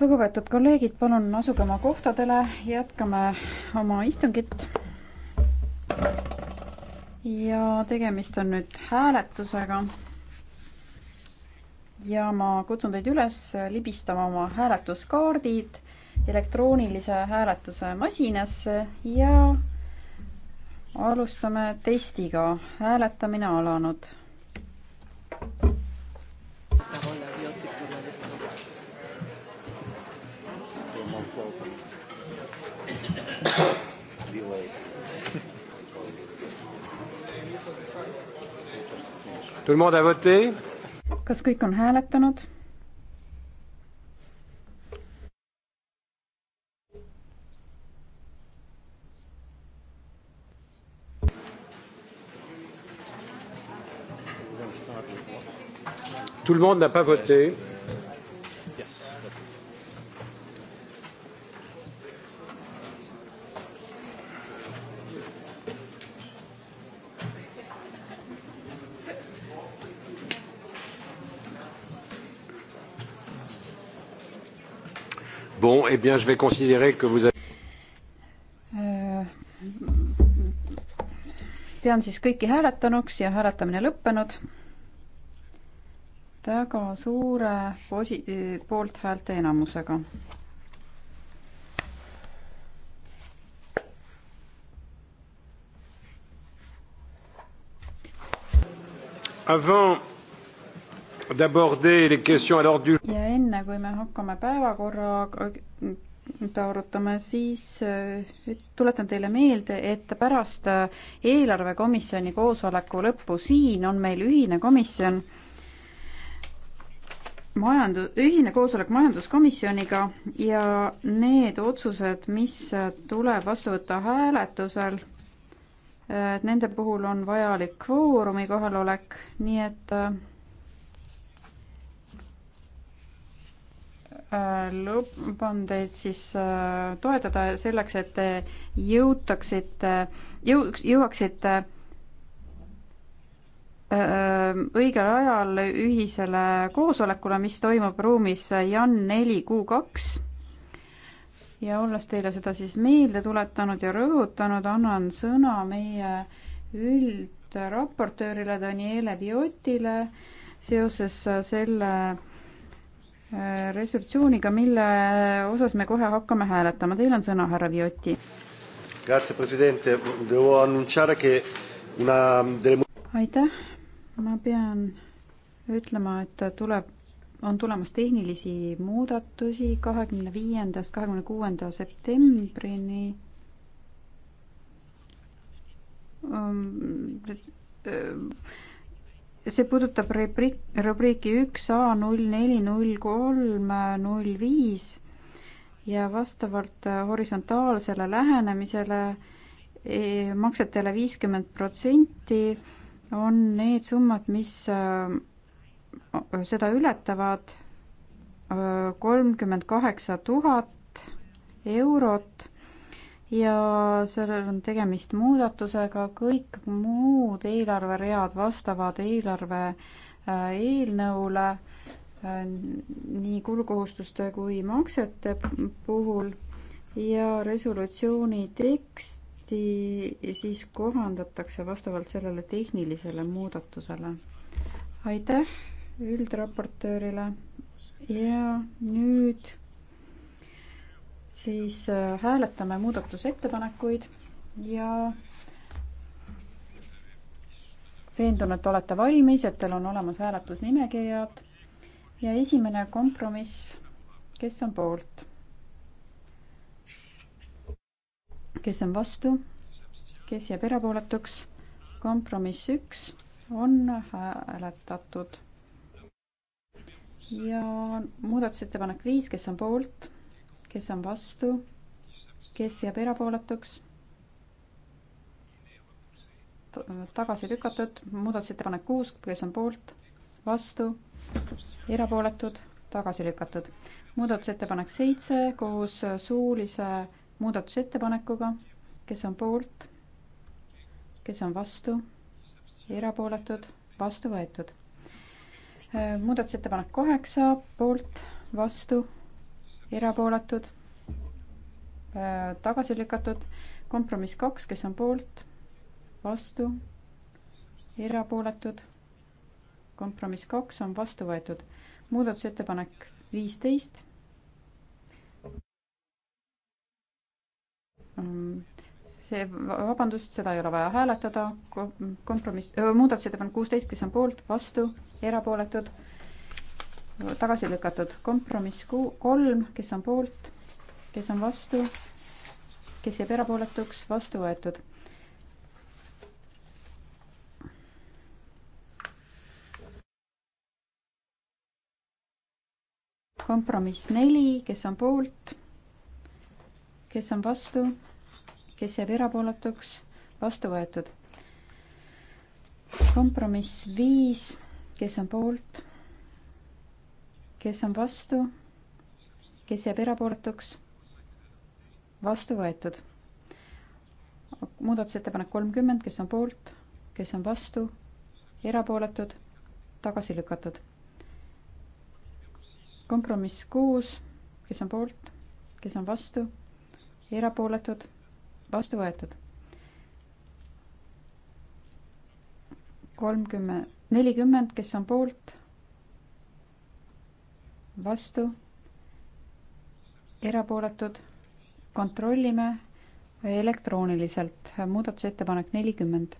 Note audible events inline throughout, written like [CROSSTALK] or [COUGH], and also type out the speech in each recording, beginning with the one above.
lugupeetud kolleegid, palun asuge oma kohtadele, jätkame oma istungit. ja tegemist on nüüd hääletusega. ja ma kutsun teid üles libistama oma hääletuskaardid elektroonilise hääletuse masinasse ja alustame testiga. hääletamine alanud kas kõik on hääletanud? Tout le monde n'a pas voté. Bon, eh bien, je vais considérer que vous avez... Äh, pean siis kõiki hääletanuks ja hääletamine lõppenud. väga suure posi-, poolthäälte enamusega. Avant d'aborder les questions à l'ordre du jour enne kui me hakkame päevakorra nüüd arutame, siis eh, tuletan teile meelde, et pärast eh, eelarvekomisjoni koosoleku lõppu siin on meil ühine komisjon, majandus, ühine koosolek majanduskomisjoniga ja need otsused, mis tuleb vastu võtta hääletusel, et eh, nende puhul on vajalik kvoorumi kohalolek, nii et Äh, luban teid siis äh, toetada selleks, et te jõutaksite, jõuaks, jõuaksite äh, õigel ajal ühisele koosolekule, mis toimub ruumis Jan neli kuu kaks. ja olles teile seda siis meelde tuletanud ja rõhutanud, annan sõna meie üldraportöörile Daniele Viotile seoses selle Äh, resolutsiooniga, mille osas me kohe hakkame hääletama. Teil on sõna, härra Viotti. aitäh, ma pean ütlema, et tuleb, on tulemas tehnilisi muudatusi kahekümne viiendast kahekümne kuuenda septembrini um,. Et, um, see puudutab rubriik, rubriiki üks A null neli null kolm null viis ja vastavalt horisontaalsele lähenemisele e, maksetele viiskümmend protsenti on need summad, mis seda ületavad kolmkümmend kaheksa tuhat eurot ja sellel on tegemist muudatusega, kõik muud eelarveread vastavad eelarve äh, eelnõule äh, nii kulukohustuste kui maksete puhul ja resolutsiooni teksti siis kohandatakse vastavalt sellele tehnilisele muudatusele. aitäh üldraportöörile ja nüüd siis äh, hääletame muudatusettepanekuid ja veendun, et olete valmis, et teil on olemas hääletusnimekirjad ja esimene kompromiss, kes on poolt? kes on vastu? kes jääb erapooletuks? kompromiss üks on hääletatud. ja muudatusettepanek viis, kes on poolt? kes on vastu, kes jääb erapooletuks? tagasi lükatud, muudatusettepanek kuus, kes on poolt, vastu, erapooletud, tagasi lükatud. muudatusettepanek seitse koos suulise muudatusettepanekuga, kes on poolt, kes on vastu, erapooletud, vastu võetud muudatusettepanek kaheksa, poolt, vastu erapooletud, äh, tagasi lükatud, kompromiss kaks, kes on poolt, vastu, erapooletud, kompromiss kaks on vastu võetud. muudatusettepanek viisteist. Mm, see, vabandust, seda ei ole vaja hääletada, kompromiss, äh, muudatusettepanek kuusteist, kes on poolt, vastu, erapooletud tagasi lükatud. kompromiss ku-, kolm, kes on poolt, kes on vastu, kes jääb erapooletuks, vastu võetud. kompromiss neli, kes on poolt, kes on vastu, kes jääb erapooletuks, vastu võetud. kompromiss viis, kes on poolt kes on vastu, kes jääb erapooletuks, vastu võetud. muudatusettepanek kolmkümmend, kes on poolt, kes on vastu, erapooletud, tagasi lükatud. kompromiss kuus, kes on poolt, kes on vastu, erapooletud, vastu võetud. kolmkümmend, nelikümmend, kes on poolt vastu, erapooletud, kontrollime elektrooniliselt, muudatusettepanek nelikümmend.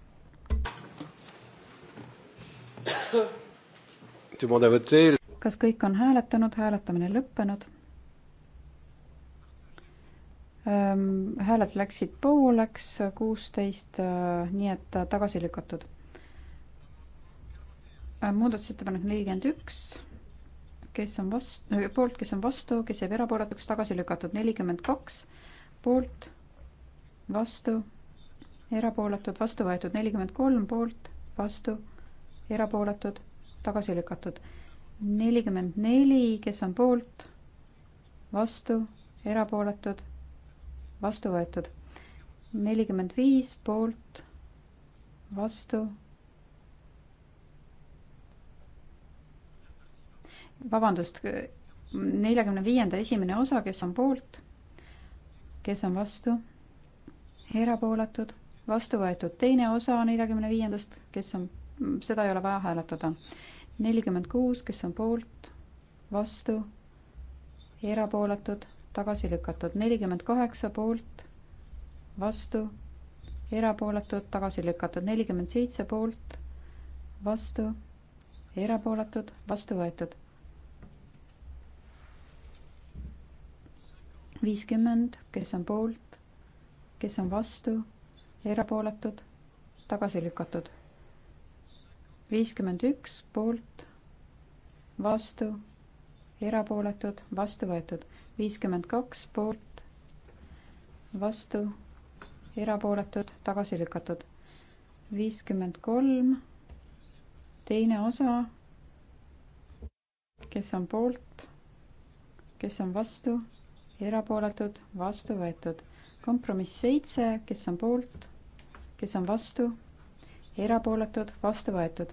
kas kõik on hääletanud, hääletamine lõppenud? hääled läksid pooleks, kuusteist, nii et tagasi lükatud. muudatusettepanek nelikümmend üks kes on vastu, äh, poolt, kes on vastu, kes jääb erapooletuks, tagasi lükatud nelikümmend kaks, poolt, vastu, erapooletud, vastu võetud nelikümmend kolm, poolt, vastu, erapooletud, tagasi lükatud nelikümmend neli, kes on poolt, vastu, erapooletud, vastu võetud nelikümmend viis, poolt, vastu vabandust, neljakümne viienda esimene osa, kes on poolt, kes on vastu, erapooletud, vastu võetud teine osa neljakümne viiendast, kes on, seda ei ole vaja hääletada. nelikümmend kuus, kes on poolt, vastu, erapooletud, tagasi lükatud, nelikümmend kaheksa poolt, vastu, erapooletud, tagasi lükatud, nelikümmend seitse poolt, vastu, erapooletud, vastu võetud viiskümmend, kes on poolt, kes on vastu, erapooletud, tagasi lükatud. viiskümmend üks poolt, vastu, erapooletud, vastu võetud. viiskümmend kaks poolt, vastu, erapooletud, tagasi lükatud. viiskümmend kolm, teine osa, kes on poolt, kes on vastu erapooletud, vastu võetud. kompromiss seitse, kes on poolt, kes on vastu, erapooletud, vastu võetud.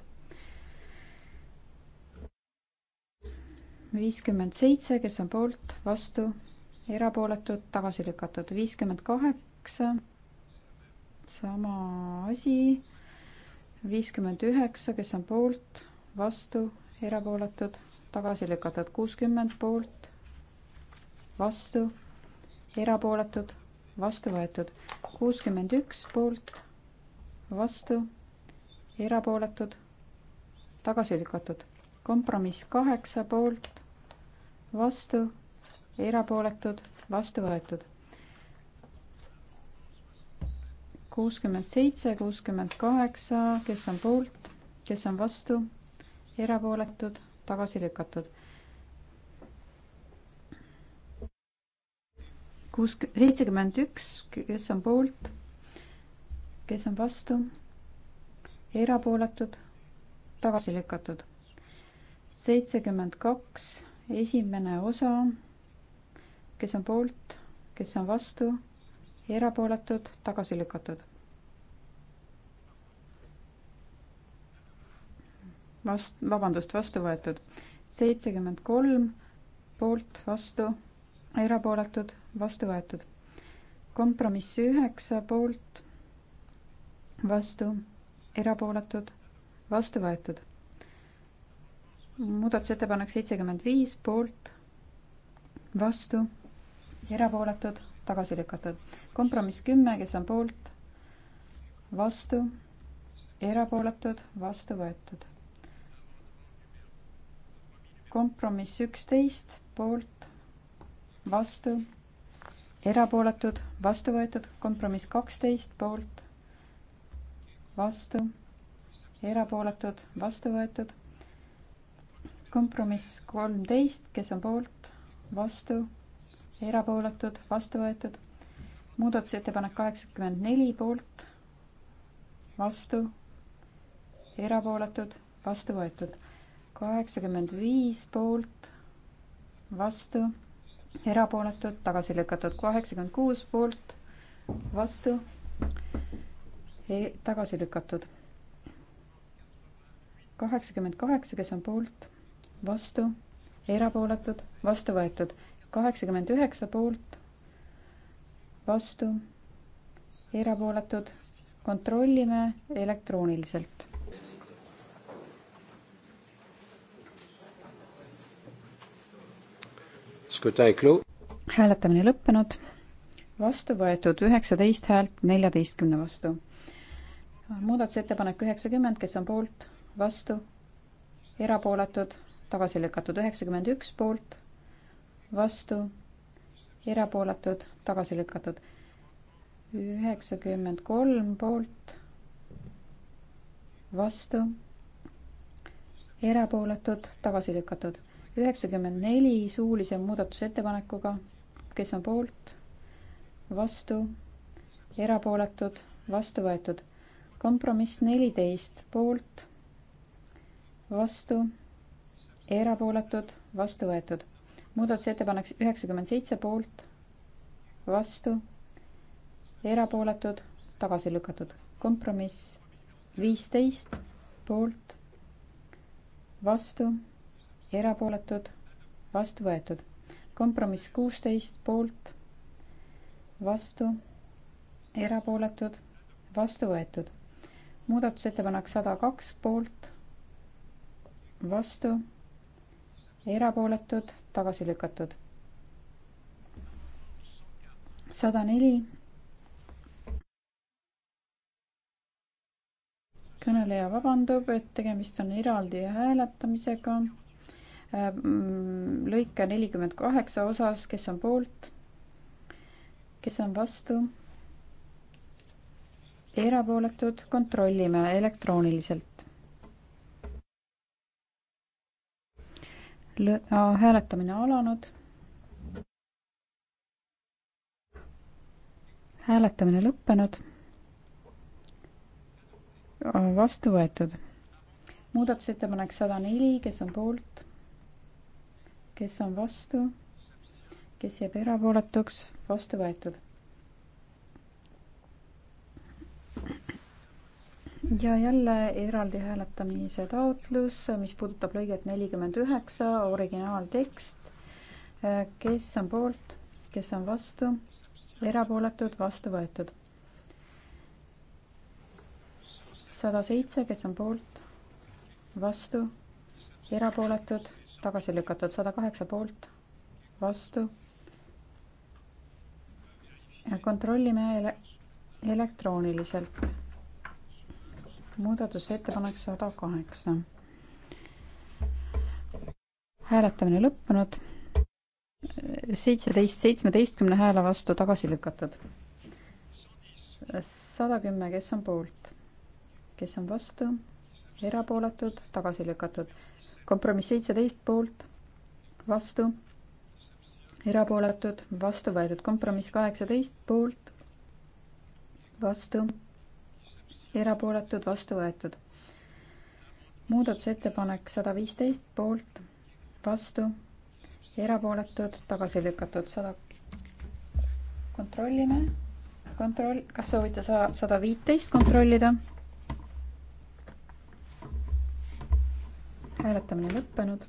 viiskümmend seitse, kes on poolt, vastu, erapooletud, tagasi lükatud. viiskümmend kaheksa, sama asi. viiskümmend üheksa, kes on poolt, vastu, erapooletud, tagasi lükatud. kuuskümmend poolt vastu, erapooletud, vastu võetud. kuuskümmend üks poolt, vastu, erapooletud, tagasi lükatud. kompromiss kaheksa poolt, vastu, erapooletud, vastu võetud. kuuskümmend seitse, kuuskümmend kaheksa, kes on poolt, kes on vastu, erapooletud, tagasi lükatud kuus, seitsekümmend üks, kes on poolt, kes on vastu, erapooletud, tagasi lükatud. seitsekümmend kaks, esimene osa, kes on poolt, kes on vastu, erapooletud, tagasi lükatud. vast-, vabandust, vastu võetud. seitsekümmend kolm, poolt, vastu erapooletud, vastu võetud. kompromiss üheksa poolt, vastu, erapooletud, vastu võetud. muudatusettepanek seitsekümmend viis poolt, vastu, erapooletud, tagasi lükatud. kompromiss kümme, kes on poolt, vastu, erapooletud, vastu võetud. kompromiss üksteist poolt vastu, erapooletud, vastu võetud, kompromiss kaksteist poolt, vastu, erapooletud, vastu võetud, kompromiss kolmteist, kes on poolt, vastu, erapooletud, vastu võetud, muudatusettepanek kaheksakümmend neli poolt, vastu, erapooletud, vastu võetud, kaheksakümmend viis poolt, vastu erapooletud, tagasi lükatud kaheksakümmend kuus poolt, vastu e, tagasi lükatud. kaheksakümmend kaheksa, kes on poolt, vastu, erapooletud, vastu võetud, kaheksakümmend üheksa poolt, vastu, erapooletud, kontrollime elektrooniliselt. hääletamine lõppenud, vastu võetud üheksateist häält neljateistkümne vastu. muudatusettepanek üheksakümmend, kes on poolt, vastu, erapooletud, tagasi lükatud üheksakümmend üks poolt, vastu, erapooletud, tagasi lükatud üheksakümmend kolm poolt, vastu, erapooletud, tagasi lükatud üheksakümmend neli suulise muudatusettepanekuga, kes on poolt, vastu, erapooletud, vastu võetud. kompromiss neliteist poolt, vastu, erapooletud, vastu võetud. muudatusettepanek üheksakümmend seitse poolt, vastu, erapooletud, tagasi lükatud. kompromiss viisteist poolt, vastu erapooletud, vastu võetud. kompromiss kuusteist poolt, vastu, erapooletud, vastu võetud. muudatusettepanek sada kaks poolt, vastu, erapooletud, tagasi lükatud. sada neli kõneleja vabandab, et tegemist on eraldi hääletamisega Ehm, lõike nelikümmend kaheksa osas, kes on poolt, kes on vastu, erapooletud, kontrollime elektrooniliselt. hääletamine alanud. hääletamine lõppenud. vastu võetud muudatusettepanek sada neli, kes on poolt? kes on vastu, kes jääb erapooletuks, vastu võetud. ja jälle eraldi hääletamise taotlus, mis puudutab lõiget nelikümmend üheksa, originaaltekst. kes on poolt, kes on vastu, erapooletud, vastu võetud. sada seitse, kes on poolt, vastu, erapooletud tagasi lükatud sada kaheksa poolt, vastu. kontrollime ele elektrooniliselt. muudatusettepanek sada kaheksa. hääletamine lõppenud. seitseteist seitsmeteistkümne hääle vastu tagasi lükatud. sada kümme, kes on poolt, kes on vastu, erapooletud, tagasi lükatud kompromiss seitseteist poolt, vastu, erapooletud, vastu võetud. kompromiss kaheksateist poolt, vastu, erapooletud, vastu võetud. muudatusettepanek sada viisteist poolt, vastu, erapooletud, tagasi lükatud, sada. kontrollime, kontroll, kas soovite sa sada viiteist kontrollida? hääletamine lõppenud.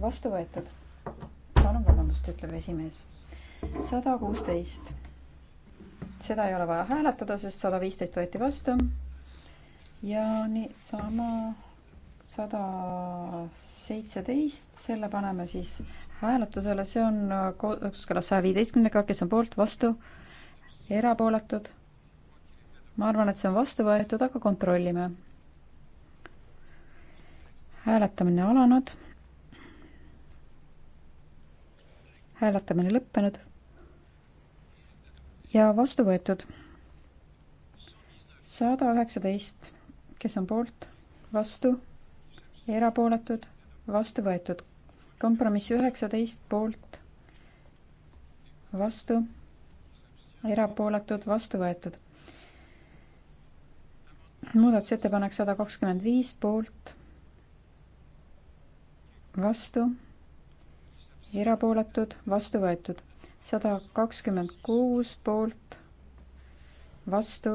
vastu võetud. palun vabandust, ütleb esimees. sada kuusteist. seda ei ole vaja hääletada, sest sada viisteist võeti vastu. ja niisama sada seitseteist, selle paneme siis hääletusele, see on kooskõlas saja viieteistkümnega, kes on poolt, vastu, erapooletud. ma arvan, et see on vastu võetud, aga kontrollime hääletamine alanud. hääletamine lõppenud. ja vastu võetud. sada üheksateist, kes on poolt, vastu, erapooletud, vastu võetud. kompromiss üheksateist poolt, vastu, erapooletud, vastu võetud muudatusettepanek sada kakskümmend viis poolt vastu, erapooletud, vastu võetud. sada kakskümmend kuus poolt, vastu,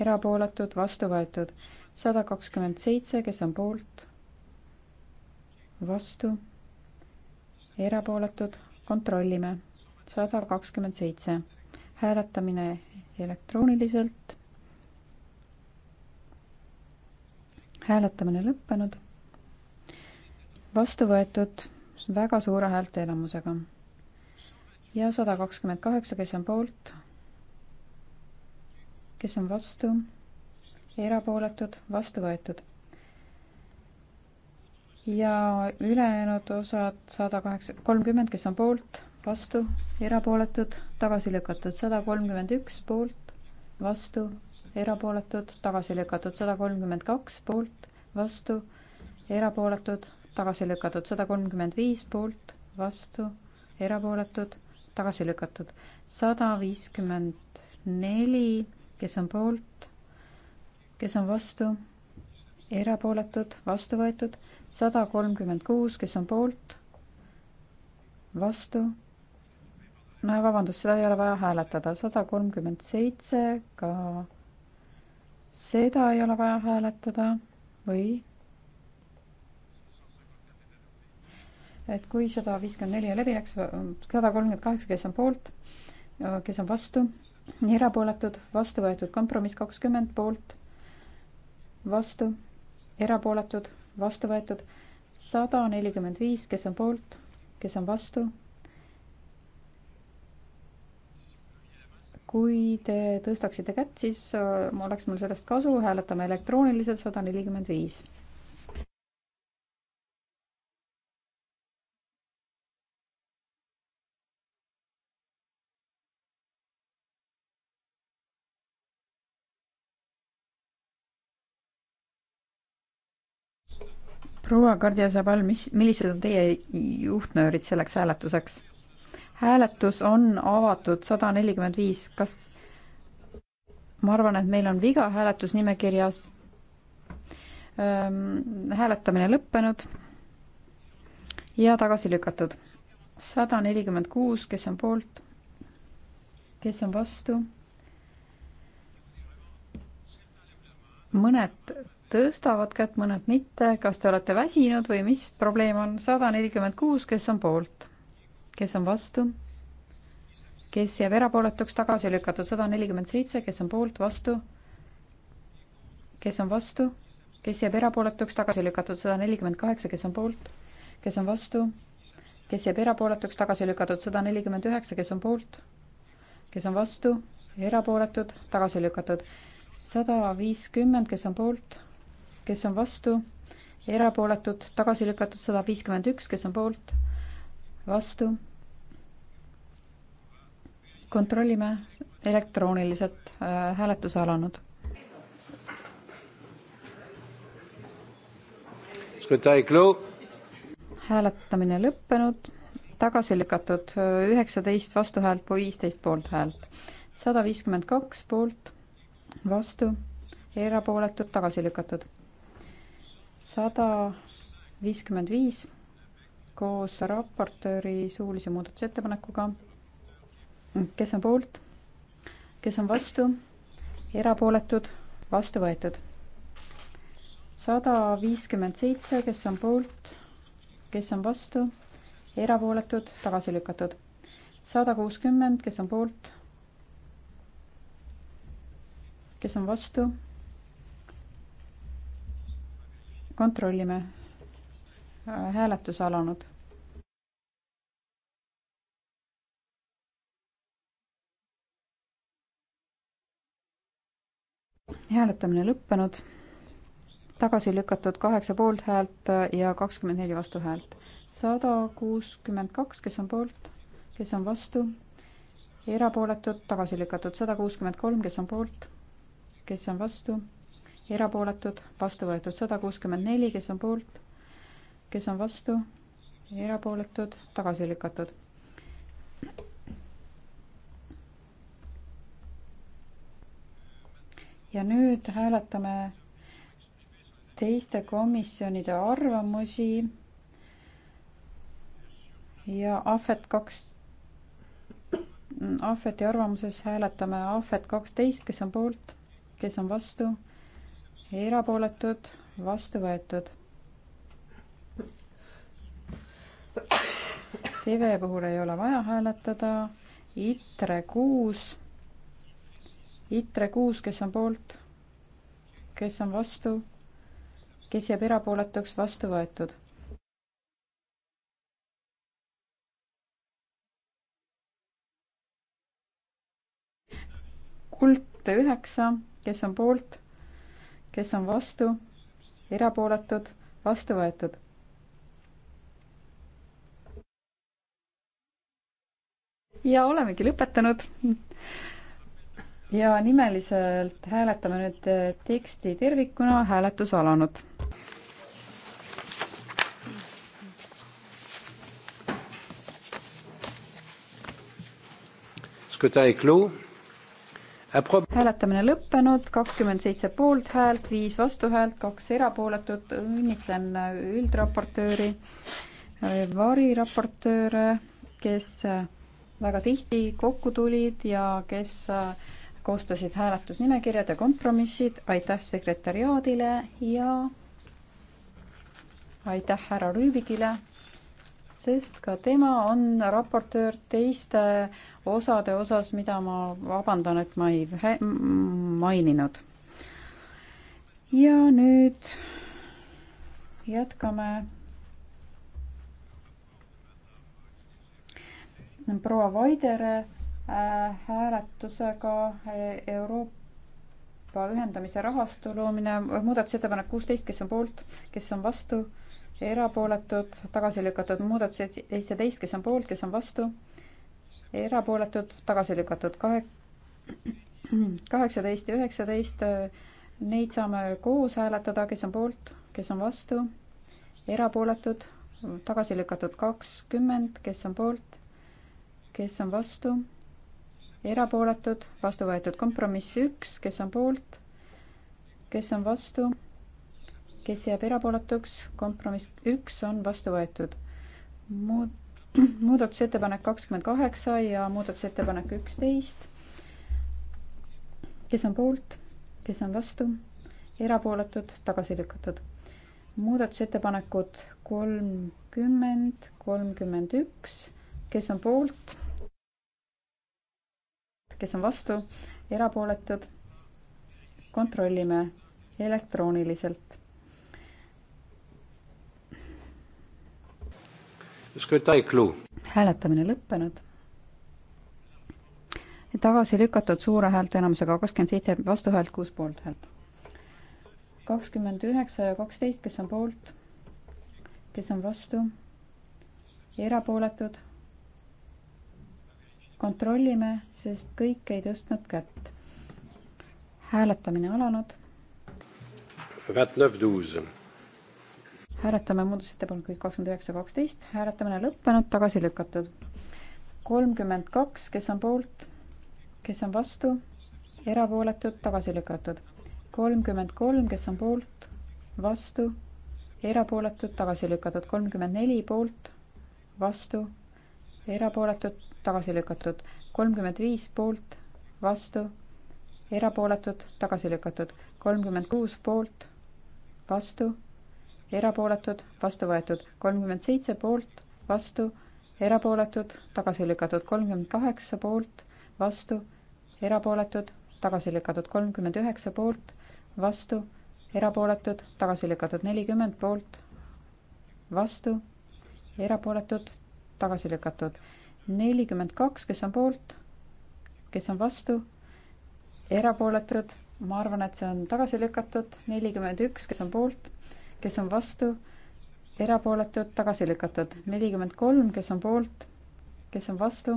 erapooletud, vastu võetud. sada kakskümmend seitse, kes on poolt, vastu, erapooletud, kontrollime. sada kakskümmend seitse, hääletamine elektrooniliselt hääletamine lõppenud vastu võetud väga suure häälteenamusega. ja sada kakskümmend kaheksa, kes on poolt, kes on vastu, erapooletud, vastu võetud. ja ülejäänud osad sada kaheksa, kolmkümmend, kes on poolt, vastu, erapooletud, tagasi lükatud, sada kolmkümmend üks poolt, vastu, erapooletud, tagasi lükatud, sada kolmkümmend kaks poolt, vastu, erapooletud tagasi lükatud, sada kolmkümmend viis poolt, vastu, erapooletud, tagasi lükatud, sada viiskümmend neli, kes on poolt, kes on vastu, erapooletud, vastu võetud, sada kolmkümmend kuus, kes on poolt, vastu, no vabandust, seda ei ole vaja hääletada, sada kolmkümmend seitse, ka seda ei ole vaja hääletada või et kui sada viiskümmend neli läbi läks, sada kolmkümmend kaheksa, kes on poolt, kes on vastu, erapooletud, vastu võetud, kompromiss kakskümmend poolt, vastu, erapooletud, vastu võetud, sada nelikümmend viis, kes on poolt, kes on vastu. kui te tõstaksite kätt, siis äh, oleks mul sellest kasu, hääletame elektrooniliselt sada nelikümmend viis proua Kardia Sabal, mis, millised on teie juhtnöörid selleks hääletuseks? hääletus on avatud sada nelikümmend viis, kas ma arvan, et meil on viga hääletusnimekirjas. hääletamine lõppenud ja tagasi lükatud. sada nelikümmend kuus, kes on poolt, kes on vastu? mõned tõstavad kätt, mõned mitte, kas te olete väsinud või mis probleem on, sada nelikümmend kuus, kes on poolt, kes on vastu, kes jääb erapooletuks, tagasi lükatud sada nelikümmend seitse, kes on poolt, vastu, kes on vastu, kes jääb erapooletuks, tagasi lükatud sada nelikümmend kaheksa, kes on poolt, kes on vastu, kes jääb erapooletuks, tagasi lükatud sada nelikümmend üheksa, kes on poolt, kes on vastu, erapooletud, tagasi lükatud sada viiskümmend, kes on poolt kes on vastu, erapooletud, tagasi lükatud sada viiskümmend üks, kes on poolt, vastu. kontrollime elektrooniliselt äh,, hääletus alanud. hääletamine lõppenud, tagasi lükatud äh, üheksateist vastuhäält, viisteist poolthäält, sada viiskümmend kaks poolt, vastu, erapooletud, tagasi lükatud sada viiskümmend viis koos raportööri suulise muudatusettepanekuga. kes on poolt, kes on vastu, erapooletud, vastu võetud. sada viiskümmend seitse, kes on poolt, kes on vastu, erapooletud, tagasi lükatud. sada kuuskümmend, kes on poolt, kes on vastu kontrollime. Äh, hääletus alanud. hääletamine lõppenud. tagasi lükatud kaheksa poolthäält ja kakskümmend neli vastuhäält. sada kuuskümmend kaks, kes on poolt, kes on vastu, erapooletud, tagasi lükatud sada kuuskümmend kolm, kes on poolt, kes on vastu erapooletud, vastu võetud sada kuuskümmend neli, kes on poolt, kes on vastu, erapooletud, tagasi lükatud. ja nüüd hääletame teiste komisjonide arvamusi ja ahvet kaks, ahveti arvamuses hääletame ahvet kaksteist, kes on poolt, kes on vastu, erapooletud, vastu võetud. TV puhul ei ole vaja hääletada. ITRE kuus, ITRE kuus, kes on poolt, kes on vastu, kes jääb erapooletuks, vastu võetud kuld üheksa, kes on poolt, kes on vastu, erapooletud, vastu võetud. ja olemegi lõpetanud. ja nimeliselt hääletame nüüd teksti tervikuna, hääletus alanud. Scrutin est clos hääletamine lõppenud, kakskümmend seitse poolthäält, viis vastuhäält, kaks erapooletut, õnnitlen äh, üldraportööri, äh, variraportööre, kes äh, väga tihti kokku tulid ja kes koostasid hääletusnimekirjad ja kompromissid, aitäh sekretäriaadile ja aitäh härra Rüübigile sest ka tema on raportöör teiste osade osas, mida ma vabandan, et ma ei maininud. ja nüüd jätkame. proua Vaidere äh, hääletusega äh, Euroopa ühendamise rahastu loomine, muudatusettepanek kuusteist, kes on poolt, kes on vastu erapooletud, tagasi lükatud muudatused seitseteist, kes on poolt, kes on vastu, erapooletud, tagasi lükatud kahe, [CLEARS THROAT] kaheksateist ja üheksateist, neid saame koos hääletada, kes on poolt, kes on vastu, erapooletud, tagasi lükatud kakskümmend, kes on poolt, kes on vastu, erapooletud, vastu võetud kompromiss üks, kes on poolt, kes on vastu kes jääb erapooletuks, kompromiss üks on vastu võetud. muud, [CLEARS THROAT] muudatusettepanek kakskümmend kaheksa ja muudatusettepanek üksteist. kes on poolt, kes on vastu, erapooletud, tagasi lükatud. muudatusettepanekud kolmkümmend, kolmkümmend üks, kes on poolt, kes on vastu, erapooletud, kontrollime elektrooniliselt. hääletamine lõppenud. tagasi lükatud suure häälteenamusega kakskümmend seitse vastuhäält, kuus poolthäält. kakskümmend üheksa ja kaksteist, kes on poolt, kes on vastu, erapooletud. kontrollime, sest kõik ei tõstnud kätt. hääletamine alanud. Vingt-neuf douze hääletame muudatusettepanekuid kakskümmend üheksa, kaksteist, hääletamine lõppenud, tagasi lükatud. kolmkümmend kaks, kes on poolt, kes on vastu, erapooletud, tagasi lükatud. kolmkümmend kolm, kes on poolt, vastu, erapooletud, tagasi lükatud. kolmkümmend neli poolt, vastu, erapooletud, tagasi lükatud. kolmkümmend viis poolt, vastu, erapooletud, tagasi lükatud. kolmkümmend kuus poolt, vastu erapooletud, vastu võetud, kolmkümmend seitse poolt, vastu, erapooletud, tagasi lükatud, kolmkümmend kaheksa poolt, vastu, erapooletud, tagasi lükatud, kolmkümmend üheksa poolt, vastu, erapooletud, tagasi lükatud, nelikümmend poolt, vastu, erapooletud, tagasi lükatud, nelikümmend kaks, kes on poolt, kes on vastu, erapooletud, ma arvan, et see on tagasi lükatud, nelikümmend üks, kes on poolt kes on vastu, erapooletud, tagasi lükatud. nelikümmend kolm, kes on poolt, kes on vastu,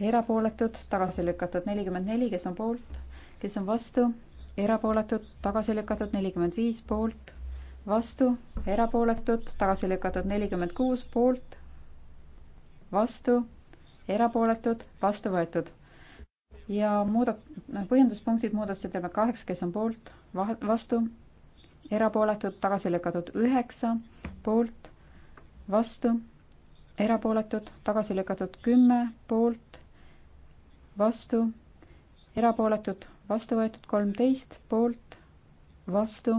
erapooletud, tagasi lükatud. nelikümmend neli, kes on poolt, kes on vastu, erapooletud, tagasi lükatud. nelikümmend viis poolt, vastu, erapooletud, tagasi lükatud. nelikümmend kuus poolt, vastu, erapooletud, vastu võetud. ja muudat-, põhjenduspunktid muudatusettepanek kaheksa, kes on poolt, vastu erapooletud, tagasi lükatud üheksa, poolt, vastu, erapooletud, tagasi lükatud kümme, poolt, vastu, erapooletud, vastu võetud kolmteist, poolt, vastu,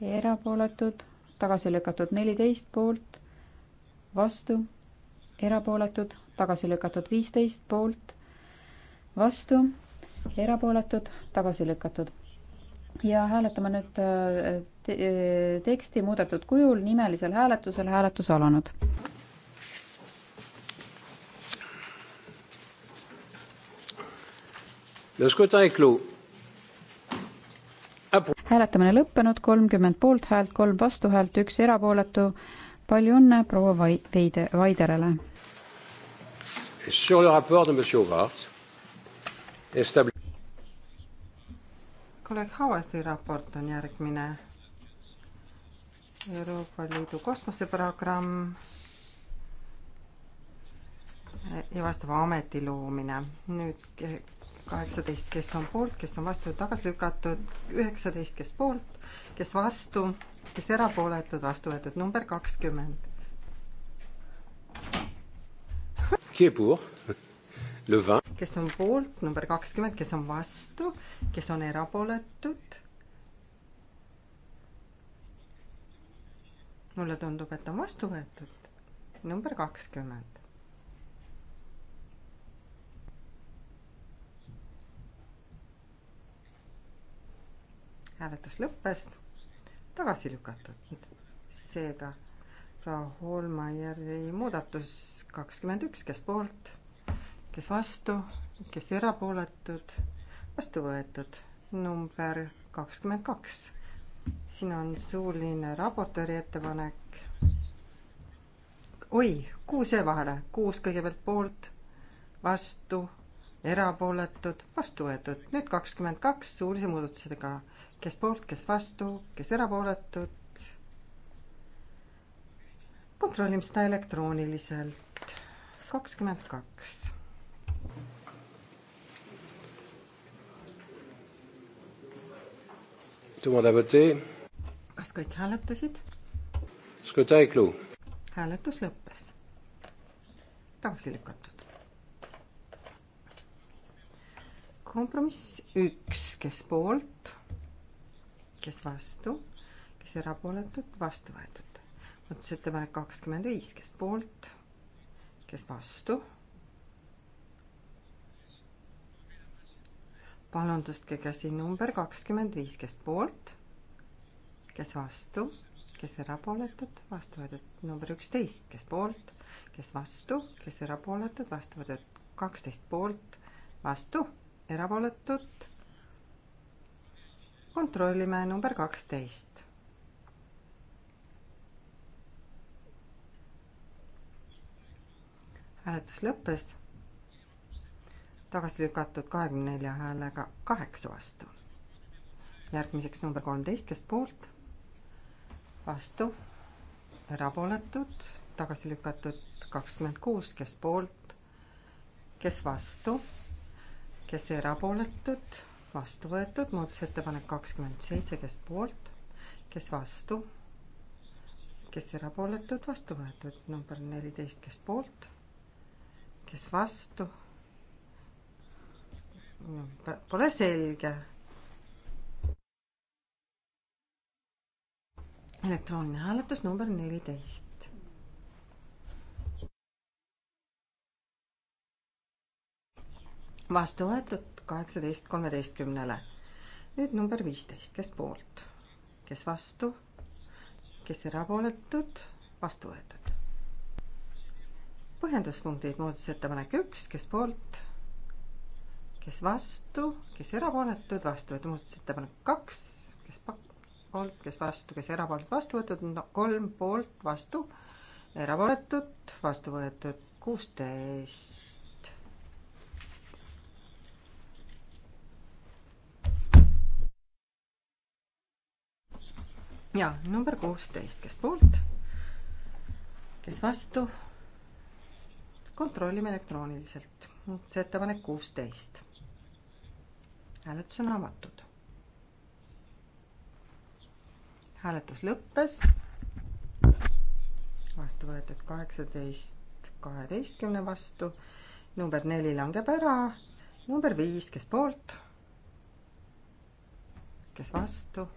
erapooletud, tagasi lükatud neliteist, poolt, vastu, erapooletud, tagasi lükatud viisteist, poolt, vastu, erapooletud, tagasi lükatud ja hääletame nüüd äh, te äh, teksti muudetud kujul nimelisel hääletusel, hääletus alanud. hääletamine lõppenud, kolmkümmend poolthäält, kolm vastuhäält, üks erapooletu. palju õnne proua Vai-, Veide, Vaiderele. Sur le rapport de monsieur Vart, kolleeg Havasi raport on järgmine. Euroopa Liidu kosmoseprogramm ja vastava ameti loomine. nüüd kaheksateist, kes on poolt, kes on vastu, tagasi lükatud, üheksateist, kes poolt, kes vastu, kes erapooletud, vastu võetud, number kakskümmend. Qui est pour kes on poolt, number kakskümmend, kes on vastu, kes on erapooletud. mulle tundub, et on vastu võetud number kakskümmend. hääletus lõppes, tagasi lükatud. seega proua Holmajärvi muudatus kakskümmend üks, kes poolt kes vastu, kes erapooletud, vastu võetud. number kakskümmend kaks. siin on suuline raportööri ettepanek. oi, kuus jäi vahele, kuus kõigepealt poolt, vastu, erapooletud, vastu võetud. nüüd kakskümmend kaks suulise muudatusega, kes poolt, kes vastu, kes erapooletud, kontrollime seda elektrooniliselt. kakskümmend kaks. kas kõik hääletasid? hääletus lõppes. tagasi lükatud. kompromiss üks, kes poolt, kes vastu, kes erapooletud, vastu võetud. muudatusettepanek kakskümmend viis, kes poolt, kes vastu palun tõstke käsi number kakskümmend viis, kes poolt, kes vastu, kes erapooletud, vastu võetud number üksteist, kes poolt, kes vastu, kes erapooletud, vastu võetud kaksteist poolt, vastu, erapooletud. kontrollime number kaksteist. hääletus lõppes tagasi lükatud kahekümne nelja häälega kaheksa vastu. järgmiseks number kolmteist, kes poolt, vastu, erapooletud, tagasi lükatud kakskümmend kuus, kes poolt, kes vastu, kes erapooletud, vastu võetud, muudatusettepanek kakskümmend seitse, kes poolt, kes vastu, kes erapooletud, vastu võetud, number neliteist, kes poolt, kes vastu pole selge. elektrooniline hääletus number neliteist. vastu võetud kaheksateist kolmeteistkümnele. nüüd number viisteist, kes poolt, kes vastu, kes erapooletud, vastu võetud. põhjenduspunktid, muudatusettepanek üks, kes poolt kes vastu, kes erapooletud, vastu võetud, muudatusettepanek kaks, kes poolt, kes vastu, kes erapooletud, vastu võetud no,, kolm poolt, vastu, erapooletud, vastu võetud, kuusteist. ja number kuusteist, kes poolt, kes vastu, kontrollime elektrooniliselt, muudatusettepanek kuusteist hääletus on avatud. hääletus lõppes. vastu võetud kaheksateist kaheteistkümne vastu. number neli langeb ära. number viis, kes poolt? kes vastu?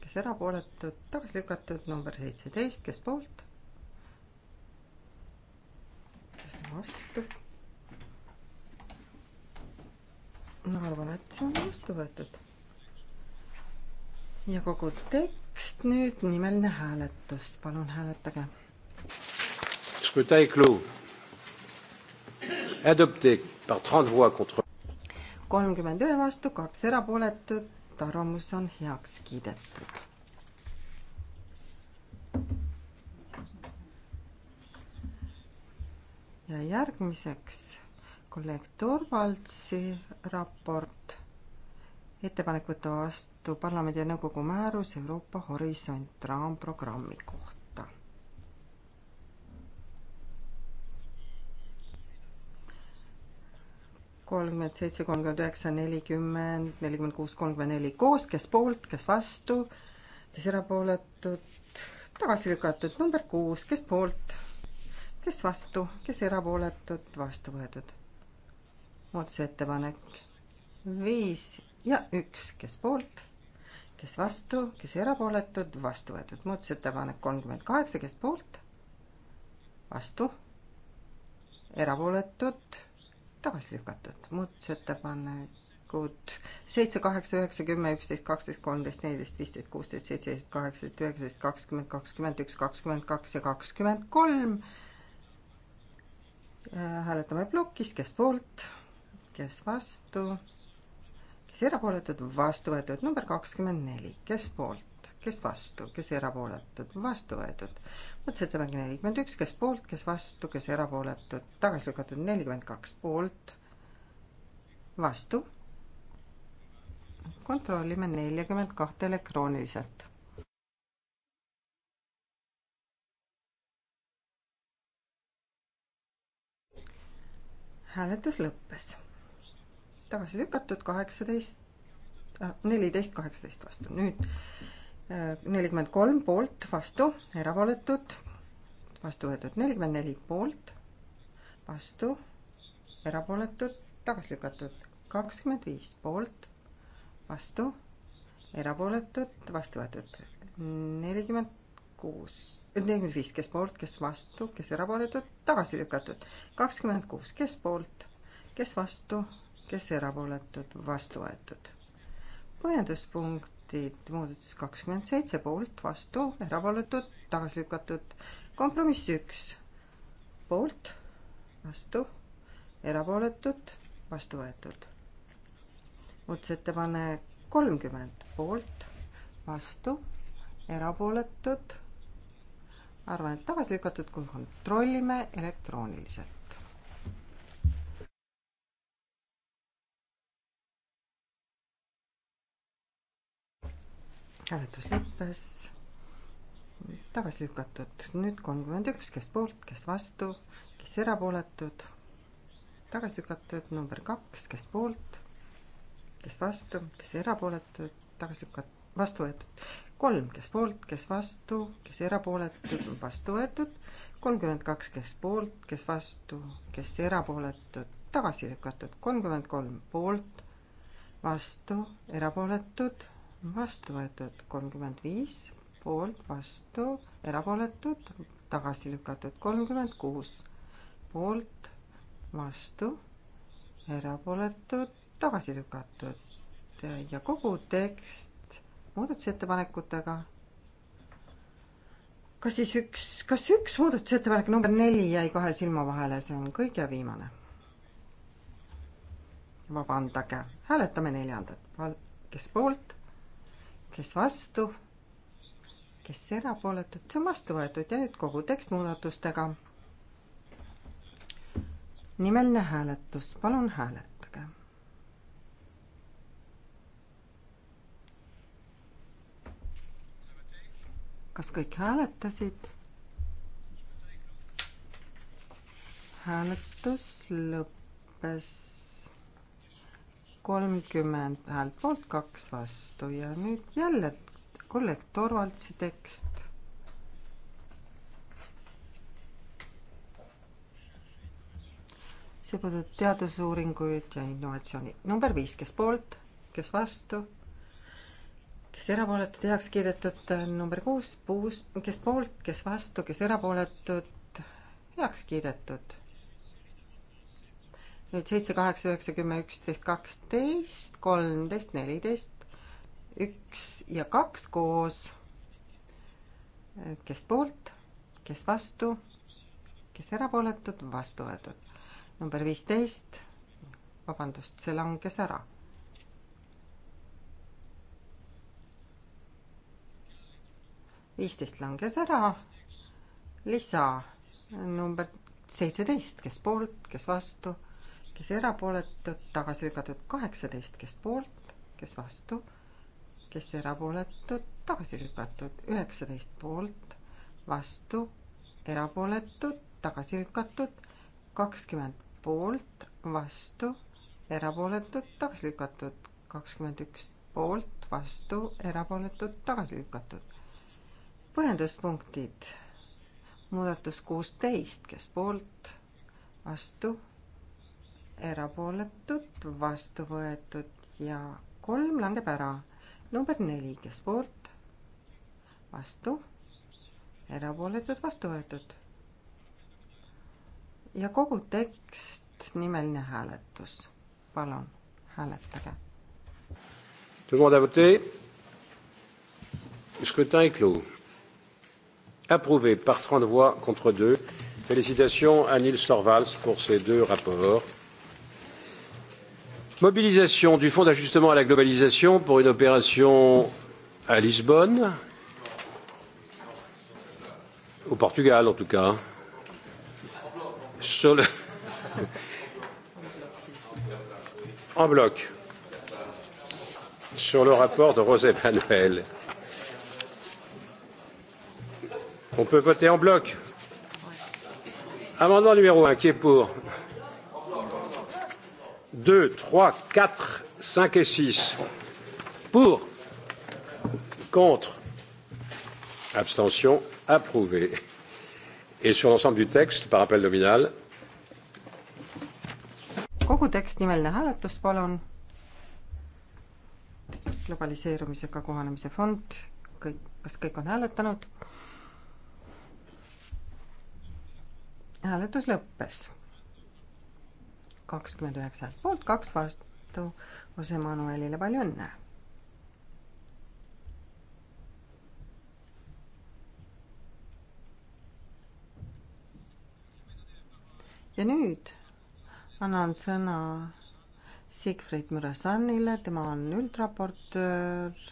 kes erapooletud, tagasi lükatud, number seitseteist, kes poolt? kes vastu? ma arvan, et see on vastu võetud. ja kogu tekst nüüd nimeline hääletus, palun hääletage. kolmkümmend ühe vastu, kaks erapooletut, arvamus on heaks kiidetud. ja järgmiseks kolleeg Torvaldsi raport ettepanek võtta vastu parlamendi ja nõukogu määrus Euroopa Horisont raamprogrammi kohta. kolmkümmend seitse, kolmkümmend üheksa, nelikümmend, nelikümmend kuus, kolmkümmend neli koos, kes poolt, kes vastu, kes erapooletud, tagasi lükatud, number kuus, kes poolt, kes vastu, kes erapooletud, vastu võetud muudatusettepanek viis ja üks, kes poolt, kes vastu, kes erapooletud, vastu võetud. muudatusettepanek kolmkümmend kaheksa, kes poolt, vastu, erapooletud, tagasi lükatud. muudatusettepanekud seitse, kaheksa, üheksa, kümme, üksteist, kaksteist, kolmteist, neliteist, viisteist, kuusteist, seitseteist, kaheksateist, üheksateist, kakskümmend, kakskümmend üks, kakskümmend kaks ja kakskümmend kolm hääletame plokis, kes poolt, kes vastu, kes erapooletud, vastu võetud, number kakskümmend neli, kes poolt, kes vastu, kes erapooletud, vastu võetud. muudatusettepanek nelikümmend üks, kes poolt, kes vastu, kes erapooletud, tagasi lükatud nelikümmend kaks poolt, vastu. kontrollime neljakümmend kahte elektrooniliselt hääletus lõppes tagasi lükatud, kaheksateist, äh, neliteist, kaheksateist vastu, nüüd äh, nelikümmend kolm poolt, vastu, erapooletud, vastu võetud nelikümmend neli poolt, vastu, erapooletud, tagasi lükatud, kakskümmend viis poolt, vastu, erapooletud, vastu võetud nelikümmend kuus nelikümmend viis, kes poolt, kes vastu, kes erapooletud, tagasi lükatud. kakskümmend kuus, kes poolt, kes vastu, kes erapooletud, vastu võetud. põhjenduspunktid muudatus kakskümmend seitse poolt, vastu, erapooletud, tagasi lükatud. kompromiss üks poolt, vastu, erapooletud, vastu võetud. muudatusettepanek kolmkümmend poolt, vastu, erapooletud, arvan, et tagasi lükatud, kui kontrollime elektrooniliselt. hääletus lõppes, tagasi lükatud, nüüd kolmkümmend üks, kes poolt, kes vastu, kes erapooletud, tagasi lükatud number kaks, kes poolt, kes vastu, kes erapooletud, tagasi lükat-, vastu võetud. kolm, kes poolt, kes vastu, kes erapooletud, vastu võetud. kolmkümmend kaks, kes poolt, kes vastu, kes erapooletud, tagasi lükatud. kolmkümmend kolm poolt, vastu, erapooletud, vastu võetud kolmkümmend viis, poolt, vastu, erapooletud, tagasi lükatud kolmkümmend kuus, poolt, vastu, erapooletud, tagasi lükatud ja kogu tekst muudatusettepanekutega. kas siis üks, kas üks muudatusettepanek number neli jäi kahe silma vahele, see on kõige viimane. vabandage, hääletame neljandat, kes poolt kes vastu, kes erapooletud, see on vastu võetud ja nüüd kogu tekst muudatustega. nimeline hääletus, palun hääletage. kas kõik hääletasid? hääletus lõppes kolmkümmend häält poolt, kaks vastu ja nüüd jälle kolleeg Torvaldsi tekst. see puudutab teadusuuringuid ja innovatsiooni. number viis, kes poolt, kes vastu, kes erapooletud, heaks kiidetud, number kuus, puus, kes poolt, kes vastu, kes erapooletud, heaks kiidetud nüüd seitse, kaheksa, üheksa, kümme, üksteist, kaksteist, kolmteist, neliteist, üks ja kaks koos. kes poolt, kes vastu, kes erapooletud, vastu võetud. number viisteist, vabandust, see langes ära. viisteist langes ära, lisa number seitseteist, kes poolt, kes vastu kes erapooletud, tagasi lükatud kaheksateist, kes poolt, kes vastu, kes erapooletud, tagasi lükatud üheksateist poolt, vastu, erapooletud, tagasi lükatud kakskümmend poolt, vastu, erapooletud, tagasi lükatud kakskümmend üks poolt, vastu, erapooletud, tagasi lükatud. põhjenduspunktid. muudatus kuusteist, kes poolt, vastu erapooletud, vastu võetud ja kolm langeb ära. number neli, kes poolt, vastu, erapooletud, vastu võetud. ja kogu tekst, nimeline hääletus. palun, hääletage. Scrutin est clos. Approuvé par 30 voix contre 2. Félicitations à Nils Torvalds pour ces deux rapports. Mobilisation du Fonds d'ajustement à la globalisation pour une opération à Lisbonne, au Portugal en tout cas, sur le. [LAUGHS] en bloc sur le rapport de José Manuel. On peut voter en bloc. Amendement numéro 1, qui est pour 2, 3, 4, 5 et 6. Pour, contre, abstention, approuvé. Et sur l'ensemble du texte, par appel nominal. kogu tekst nimeline hääletus, palun. globaliseerumisega kohanemise fond, kõik, kas kõik on hääletanud? hääletus lõppes kakskümmend üheksa häält poolt, kaks vastu. Jose Manuelile palju õnne. ja nüüd annan sõna Siegfried Müresanile, tema on üldraportöör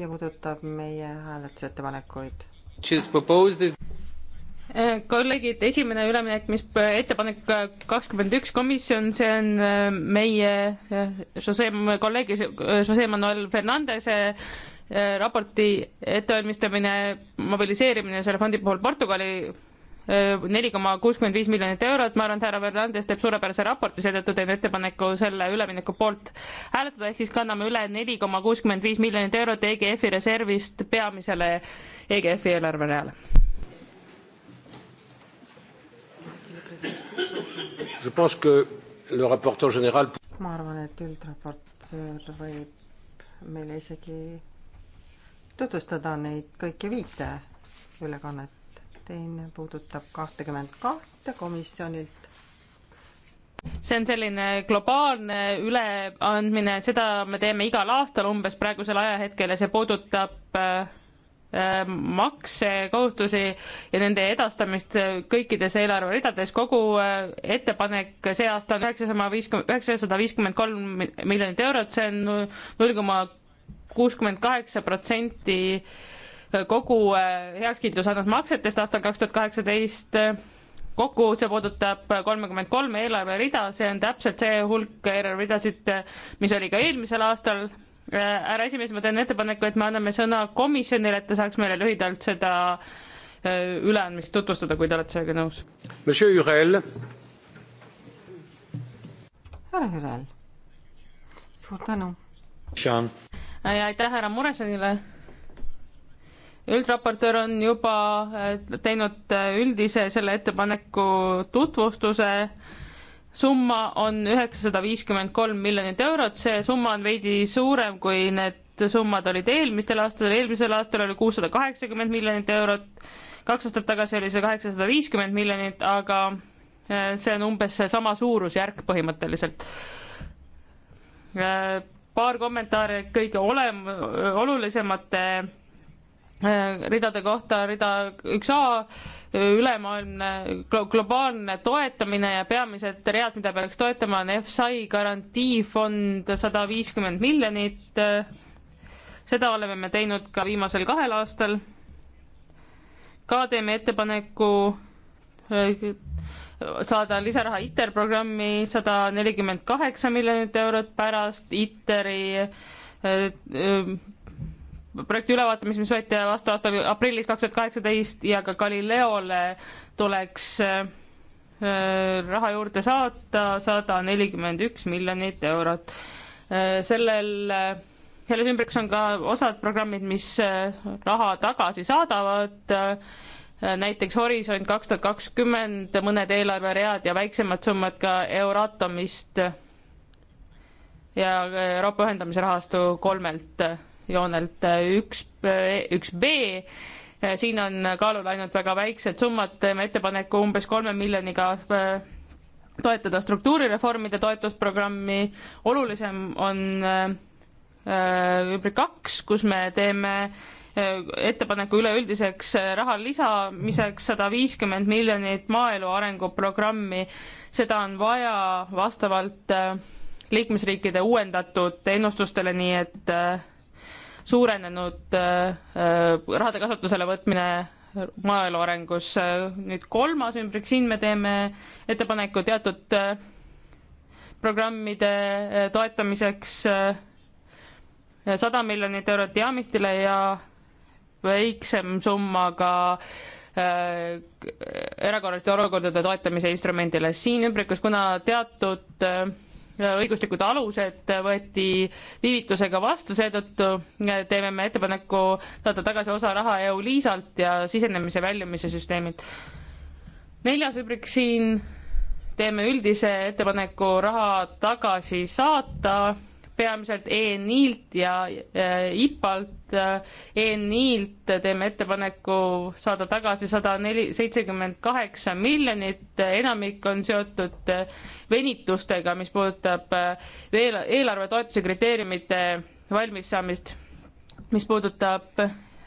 ja puudutab meie hääletusettepanekuid. Eh, kolleegid, esimene üleminek, mis ettepanek kakskümmend üks komisjon, see on eh, meie eh, Jose, kolleegi Jose Manuel Fernandese raporti ettevalmistamine, mobiliseerimine selle fondi puhul Portugali neli koma kuuskümmend viis miljonit eurot, ma arvan, et härra Fernandes teeb suurepärase raporti, seetõttu teen ettepaneku selle ülemineku poolt hääletada, ehk siis kanname üle neli koma kuuskümmend viis miljonit eurot EGF-i reservist peamisele EGF-i eelarvereale Je pense que le rapporteur général ma arvan, et üldraportöör võib meile isegi tutvustada neid kõiki viite ülekannet. teine puudutab kahtekümmend kahte komisjonilt. see on selline globaalne üleandmine, seda me teeme igal aastal umbes praegusel ajahetkel ja see puudutab äh, Äh, maksekohustusi ja nende edastamist kõikides eelarveridades. kogu äh, ettepanek see aasta on üheksasada viiskümmend, üheksasada viiskümmend kolm miljonit eurot, see on null koma kuuskümmend kaheksa protsenti äh, kogu heakskiidu saanud maksetest aastal kaks tuhat kaheksateist kokku see puudutab kolmekümmend kolm eelarverida, see on täpselt see hulk eelarveridasid, mis oli ka eelmisel aastal Äh, härra esimees, ma teen ettepaneku, et me anname sõna komisjonile, et ta saaks meile lühidalt seda äh, üleandmist tutvustada, kui te olete sellega nõus. härra Jürel, suur tänu. ja äh, aitäh härra Muresanile. üldraportöör on juba teinud üldise selle ettepaneku tutvustuse summa on üheksasada viiskümmend kolm miljonit eurot, see summa on veidi suurem kui need summad olid eelmistel aastatel, eelmisel aastal oli kuussada kaheksakümmend miljonit eurot, kaks aastat tagasi oli see kaheksasada viiskümmend miljonit, aga äh, see on umbes seesama suurusjärk põhimõtteliselt. Äh, paar kommentaari kõige olem-, olulisemate äh, ridade kohta, rida üks A ülemaailmne glo globaalne toetamine ja peamised read, mida peaks toetama, on FSI garantiifond sada viiskümmend miljonit. seda oleme me teinud ka viimasel kahel aastal. ka teeme ettepaneku äh, saada lisaraha ITER programmi sada nelikümmend kaheksa miljonit eurot pärast ITER-i äh, äh, projekti ülevaatamist, mis võeti vastu aastal aprillis kaks tuhat kaheksateist ja ka Galileole tuleks äh, äh, raha juurde saata sada nelikümmend üks miljonit eurot äh,. sellel äh,, selles ümbriks on ka osad programmid, mis äh, raha tagasi saadavad, äh, näiteks Horisont kaks tuhat kakskümmend, mõned eelarveread ja väiksemad summad ka Euratomist ja Euroopa ühendamise rahastu kolmelt joonelt äh, üks, äh, üks B. Äh, siin on kaalul ainult väga väiksed summad, teeme ettepaneku umbes kolme miljoniga toetada struktuurireformide toetusprogrammi, olulisem on ümbrik kaks, kus me teeme ettepaneku üleüldiseks raha lisamiseks sada viiskümmend miljonit maaelu arenguprogrammi. seda on vaja vastavalt liikmesriikide uuendatud ennustustele, nii et suurenenud äh, äh, rahade kasutusele võtmine maaelu arengus. nüüd kolmas ümbrik, siin me teeme ettepaneku teatud äh, programmide toetamiseks sada miljonit eurot diamitile ja väiksem summa ka äh, erakorraliste olukordade toetamise instrumendile. siin ümbrikus, kuna teatud äh, õiguslikud alused võeti viivitusega vastu, seetõttu äh, teeme me ettepaneku saada tagasi osa raha EU-liisalt ja sisenemise-väljumise süsteemilt. neljas ümrik siin teeme üldise ettepaneku raha tagasi saata peamiselt ENI-lt ja äh, IPA-lt. Äh, ENI-lt teeme ettepaneku saada tagasi sada neli, seitsekümmend kaheksa miljonit, enamik on seotud äh, venitustega, mis puudutab veel eelarve toetuse kriteeriumite valmissaamist. mis puudutab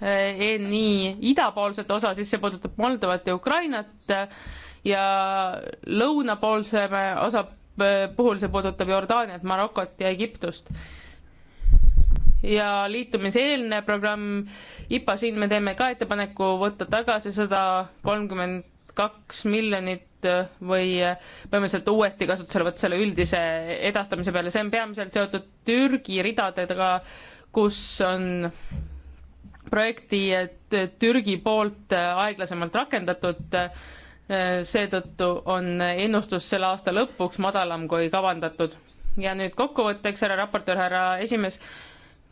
ENI idapoolset osa, siis see puudutab Moldovat ja Ukrainat ja lõunapoolseme osa Äh, puhul see puudutab Jordaaniat, Marokot ja Egiptust. ja liitumiseelne programm IPA, siin me teeme ka ettepaneku võtta tagasi sada kolmkümmend kaks miljonit äh, või äh, põhimõtteliselt uuesti kasutusele võtta selle üldise edastamise peale, see on peamiselt seotud Türgi ridadega, kus on projekti Türgi poolt aeglasemalt rakendatud seetõttu on ennustus selle aasta lõpuks madalam kui kavandatud. ja nüüd kokkuvõtteks, härra raportöör, härra esimees,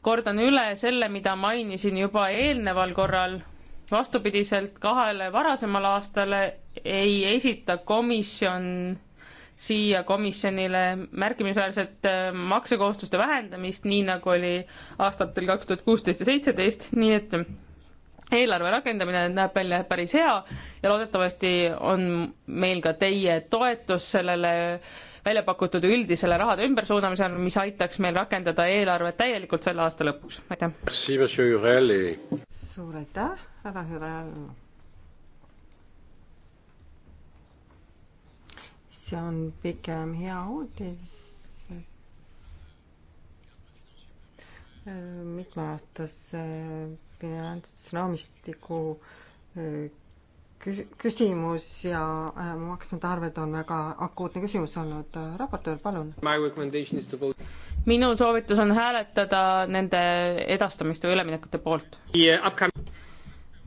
kordan üle selle, mida mainisin juba eelneval korral. vastupidiselt kahele varasemale aastale ei esita komisjon siia komisjonile märkimisväärset äh, maksekohustuste vähendamist, nii nagu oli aastatel kaks tuhat kuusteist ja seitseteist, nii et eelarve rakendamine näeb välja päris hea ja loodetavasti on meil ka teie toetus sellele välja pakutud üldisele rahade ümbersuunamisele, mis aitaks meil rakendada eelarvet täielikult selle aasta lõpuks. aitäh! suur aitäh, väga hüve all! see on pigem hea uudis mitmeaastase finantsraamistiku eh, küsimus ja eh, maksnud arved on väga akuutne küsimus olnud. raportöör, palun. minu soovitus on hääletada nende edastamiste või üleminekute poolt yeah,.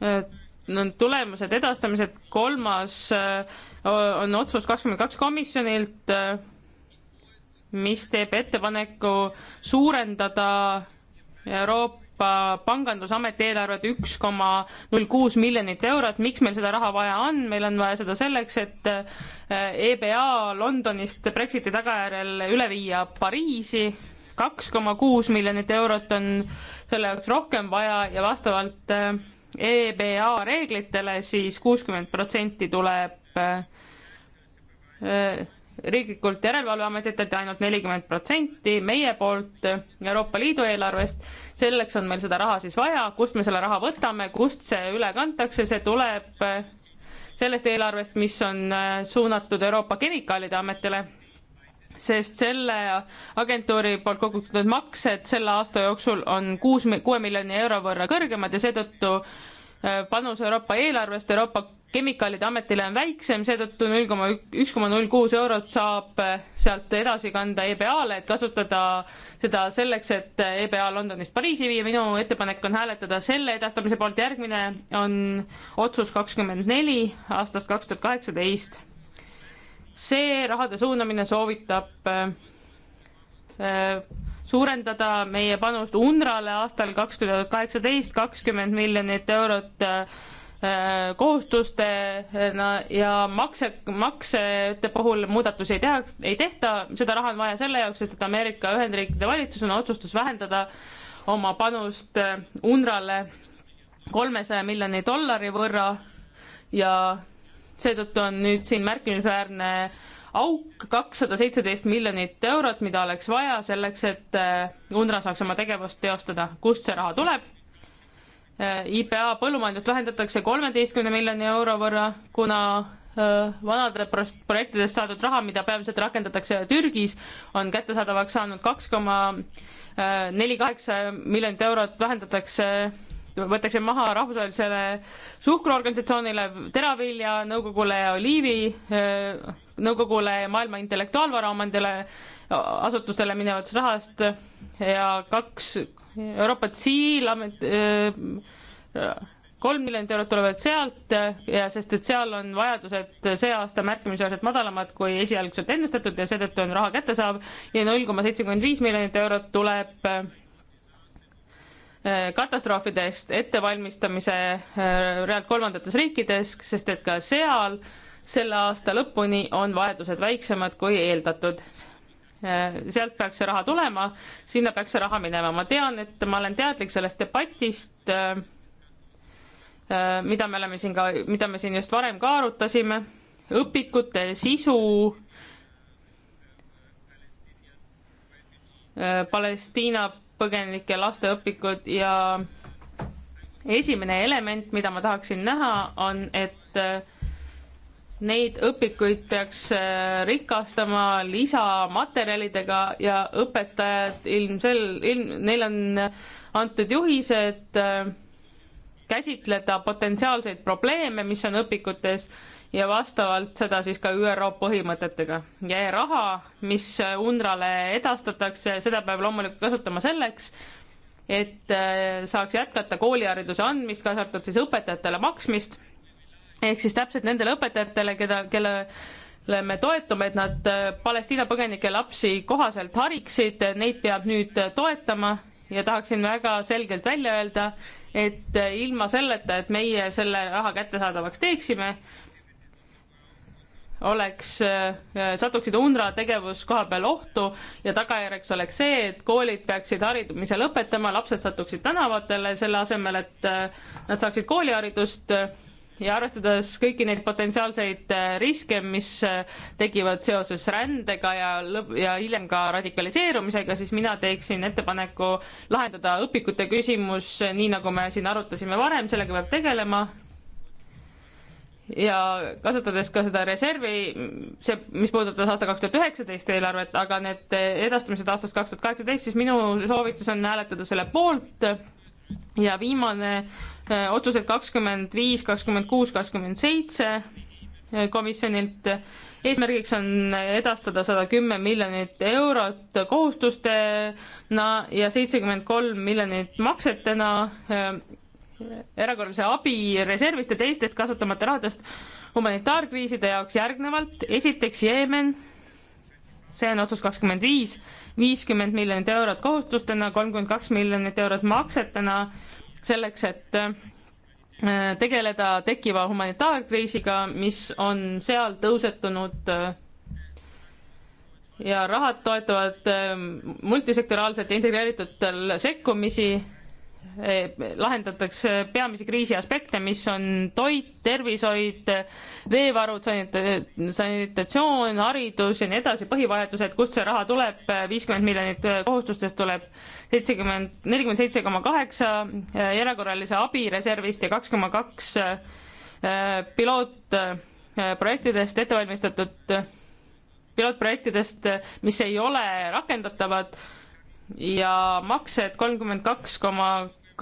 Uh, no, eh, tulemused, edastamised, kolmas on otsus kakskümmend kaks komisjonilt, mis teeb ettepaneku suurendada Euroopa Euroopa Pangandusameti eelarvet üks koma null kuus miljonit eurot, miks meil seda raha vaja on, meil on vaja seda selleks, et EBA eh, e Londonist Brexiti tagajärjel üle viia Pariisi, kaks koma kuus miljonit eurot on selle jaoks rohkem vaja ja vastavalt EBA eh, e reeglitele siis kuuskümmend protsenti tuleb eh, riiklikult järelevalveametitelt ainult nelikümmend protsenti meie poolt Euroopa Liidu eelarvest. selleks on meil seda raha siis vaja, kust me selle raha võtame, kust see üle kantakse, see tuleb sellest eelarvest, mis on suunatud Euroopa Kemikaalide Ametile, sest selle agentuuri poolt kogutud maksed selle aasta jooksul on kuus, kuue miljoni euro võrra kõrgemad ja seetõttu panus Euroopa eelarvest Euroopa kemikaalide ametile on väiksem, seetõttu null koma üks koma null kuus eurot saab äh, sealt edasi kanda EBA-le, et kasutada seda selleks, et äh, EBA Londonist Pariisi viia. minu ettepanek on hääletada selle edastamise poolt. järgmine on otsus kakskümmend neli aastast kaks tuhat kaheksateist. see rahade suunamine soovitab äh, suurendada meie panust UNRWA-le aastal kaks tuhat kaheksateist kakskümmend miljonit eurot Äh, kohustustena ja makse, maksete puhul muudatusi ei tehaks, ei tehta, seda raha on vaja selle jaoks, sest et Ameerika Ühendriikide valitsus on otsustus vähendada oma panust äh, UNRWA-le kolmesaja miljoni dollari võrra ja seetõttu on nüüd siin märkimisväärne auk kakssada seitseteist miljonit eurot, mida oleks vaja selleks, et äh, UNRWA saaks oma tegevust teostada. kust see raha tuleb? Äh, IPA põllumajandust vähendatakse kolmeteistkümne miljoni euro võrra, kuna äh, vanade projektidest saadud raha, mida peamiselt rakendatakse Türgis, on kättesaadavaks saanud kaks koma äh, neli kaheksa miljonit eurot, vähendatakse, võetakse maha rahvusvahelisele suhkruorganisatsioonile, teravilja nõukogule ja oliivi nõukogule ja maailma intellektuaalvaraomandile asutustele minevast rahast ja kaks Euroopa Tsiil äh, kolm miljonit eurot tulevad sealt äh, ja sest, et seal on vajadused see aasta märkimisväärselt madalamad kui esialgselt ennustatud ja seetõttu on raha kättesaav ja null koma seitsekümmend viis miljonit eurot tuleb äh, katastroofidest ettevalmistamise realt kolmandates riikides, sest et ka seal selle aasta lõpuni on vajadused väiksemad kui eeldatud. Äh, sealt peaks see raha tulema, sinna peaks see raha minema. ma tean, et ma olen teadlik sellest debatist, äh, äh, mida me oleme siin ka, mida me siin just varem ka arutasime, õpikute sisu, Palestiina põgenike laste õpikud ja esimene element, mida ma tahaksin näha, on, et Neid õpikuid peaks äh, rikastama lisamaterjalidega ja õpetajad ilmsel-, ilm-, neil on antud juhised äh, käsitleda potentsiaalseid probleeme, mis on õpikutes ja vastavalt seda siis ka ÜRO põhimõtetega. ja raha, mis UNRWA-le edastatakse, seda peab loomulikult kasutama selleks, et äh, saaks jätkata koolihariduse andmist, kaasa arvatud siis õpetajatele maksmist ehk siis täpselt nendele õpetajatele, keda, kellele me toetume, et nad äh, Palestiina põgenike lapsi kohaselt hariksid, neid peab nüüd äh, toetama ja tahaksin väga selgelt välja öelda, et äh, ilma selleta, et meie selle raha kättesaadavaks teeksime, oleks, satuksid UNRWA tegevus koha peal ohtu ja tagajärjeks oleks see, et koolid peaksid harimise lõpetama, lapsed satuksid tänavatele selle asemel, et nad saaksid kooliharidust ja arvestades kõiki neid potentsiaalseid äh, riske, mis äh, tekivad seoses rändega ja lõpp ja hiljem ka radikaliseerumisega, siis mina teeksin ettepaneku lahendada õpikute küsimus, äh, nii nagu me siin arutasime varem, sellega peab tegelema. ja kasutades ka seda reservi, see, mis puudutas aasta kaks tuhat üheksateist eelarvet, aga need edastamised aastast kaks tuhat kaheksateist, siis minu soovitus on hääletada selle poolt ja viimane Äh, otsused kakskümmend viis, kakskümmend kuus, kakskümmend seitse äh, komisjonilt. eesmärgiks on edastada sada kümme miljonit eurot kohustustena ja seitsekümmend kolm miljonit maksetena äh, erakorralise abi reservist ja teistest kasutamata rahadest humanitaarkriiside jaoks järgnevalt. esiteks Jeemen, see on otsus kakskümmend viis, viiskümmend miljonit eurot kohustustena, kolmkümmend kaks miljonit eurot maksetena selleks, et äh, tegeleda tekkiva humanitaarkriisiga, mis on seal tõusetunud äh, ja rahad toetavad äh, multisektoraalselt integreeritud sekkumisi Eh, lahendatakse peamisi kriisi aspekte, mis on toit, tervishoid, veevarud, sanitatsioon, haridus ja nii edasi, põhivajadused, kust see raha tuleb, viiskümmend miljonit kohustustest tuleb seitsekümmend, nelikümmend seitse koma kaheksa eh, erakorralise abi reservist ja kaks koma kaks eh, pilootprojektidest ettevalmistatud pilootprojektidest, mis ei ole rakendatavad ja maksed kolmkümmend kaks koma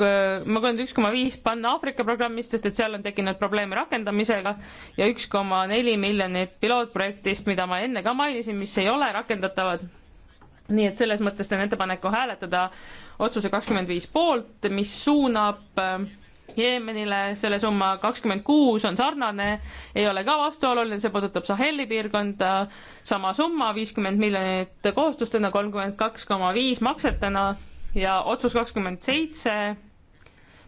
Äh, kolmkümmend üks koma viis Pan-Aafrika programmist, sest et seal on tekkinud probleeme rakendamisega ja üks koma neli miljonit pilootprojektist, mida ma enne ka mainisin, mis ei ole rakendatavad. nii et selles mõttes teen ettepaneku hääletada otsuse kakskümmend viis poolt, mis suunab äh, Jeemenile selle summa kakskümmend kuus on sarnane, ei ole ka vastuoluline, see puudutab Saheli piirkonda, sama summa, viiskümmend miljonit kohustustena, kolmkümmend kaks koma viis maksetena ja otsus kakskümmend seitse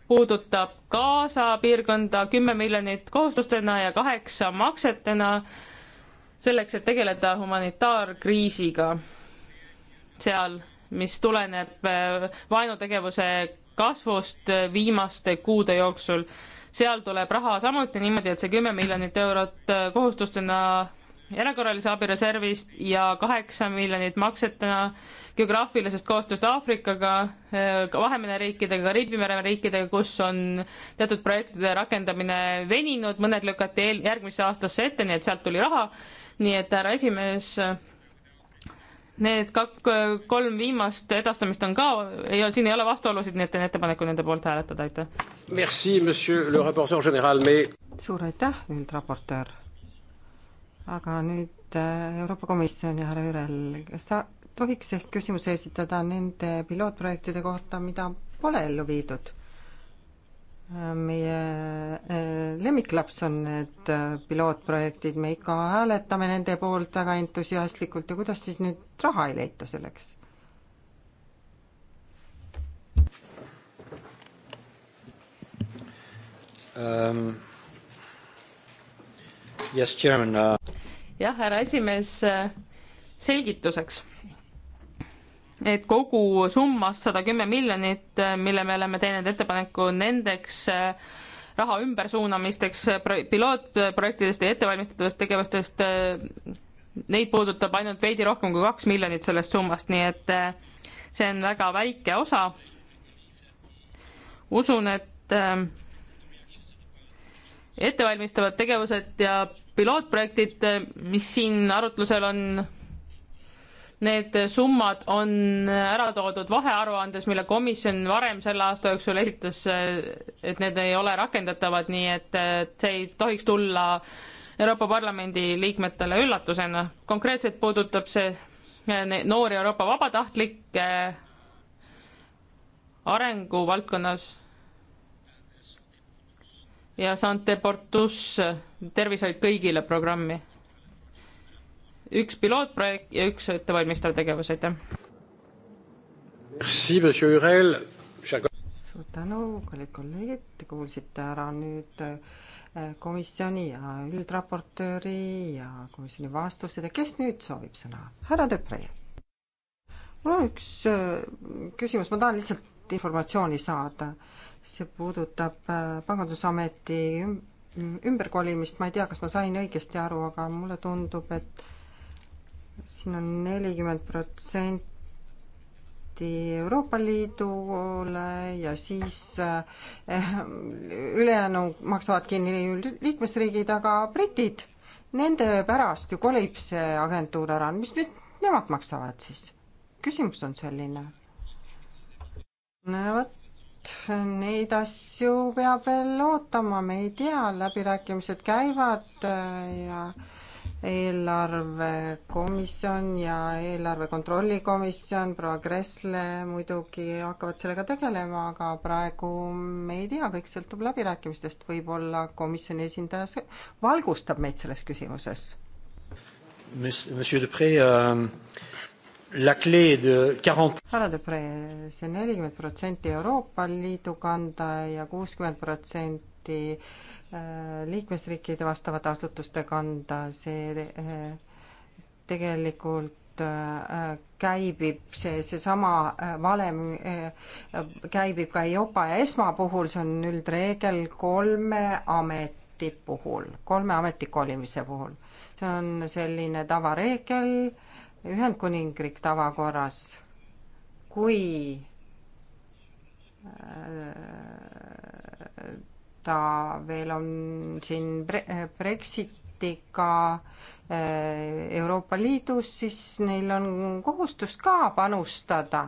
puudutab Gaza piirkonda kümme miljonit kohustustena ja kaheksa maksetena selleks, et tegeleda humanitaarkriisiga seal, mis tuleneb äh, vaenutegevuse kasvust äh, viimaste kuude jooksul. seal tuleb raha samuti niimoodi, et see kümme miljonit eurot äh, kohustustena erakorralise abireservist ja kaheksa miljonit maksetena geograafilisest koostööst Aafrikaga, eh, Vahemere riikidega, Kariibi mere riikidega, kus on teatud projektide rakendamine veninud, mõned lükati eel, järgmisse aastasse ette, nii et sealt tuli raha. nii et härra esimees, need kak-, kolm viimast edastamist on ka, ei ole, siin ei ole vastuolusid, nii et teen ettepaneku nende poolt hääletada, aitäh. suur aitäh, üldraportöör aga nüüd äh, Euroopa Komisjoni härra Jürel, kas sa tohiks ehk küsimuse esitada nende pilootprojektide kohta, mida pole ellu viidud? Äh, meie äh, lemmiklaps on need pilootprojektid, me ikka hääletame nende poolt väga entusiastlikult ja kuidas siis nüüd raha ei leita selleks? Um yes, Chairman uh.... jah, härra esimees, äh, selgituseks, et kogu summast sada kümme miljonit, äh, mille me oleme teinud ettepaneku nendeks äh, raha ümbersuunamisteks pilootprojektidest ja ettevalmistatavast tegevustest, neid puudutab ainult veidi rohkem kui kaks miljonit sellest summast, nii et see on väga väike osa. usun, et ettevalmistavad tegevused ja pilootprojektid, mis siin arutlusel on, need summad on ära toodud vahearuandes, mille komisjon varem selle aasta jooksul esitas, et need ei ole rakendatavad, nii et see ei tohiks tulla Euroopa Parlamendi liikmetele üllatusena. konkreetselt puudutab see eh, noori Euroopa vabatahtlikke eh, arenguvaldkonnas ja Sante Portus Tervishoid kõigile programmi. üks pilootprojekt ja üks ettevalmistav tegevus, aitäh. suur tänu, kallid kolleegid, te kuulsite ära nüüd äh, komisjoni ja üldraportööri ja komisjoni vastused ja kes nüüd soovib sõna? härra Depree. mul on üks äh, küsimus, ma tahan lihtsalt informatsiooni saada see puudutab äh, Pangandusameti ümberkolimist, ma ei tea, kas ma sain õigesti aru, aga mulle tundub, et siin on nelikümmend protsenti Euroopa Liidule ja siis äh, ülejäänu maksavad kinni liikmesriigid, aga britid, nende pärast ju kolib see agentuur ära, mis nüüd nemad maksavad siis? küsimus on selline. no vot, neid asju peab veel ootama, me ei tea, läbirääkimised käivad äh, ja eelarvekomisjon ja eelarve kontrollikomisjon, proua Kressle muidugi hakkavad sellega tegelema, aga praegu me ei tea, kõik sõltub läbirääkimistest, võib-olla komisjoni esindaja valgustab meid selles küsimuses. Monsieur Dupree uh... Ähm ära Debre, see nelikümmend protsenti Euroopa Liidu kanda ja kuuskümmend protsenti äh, liikmesriikide vastavate asutuste kanda, see äh, tegelikult äh, käibib see, seesama valem käibib ka EIOPA ja ESMA puhul, see on üldreegel kolme ameti puhul, kolme ameti kolimise puhul. see on selline tavareegel äh, Ühendkuningriik tavakorras, kui äh, ta veel on siin bre-, Brexitiga äh, Euroopa Liidus, siis neil on kohustus ka panustada.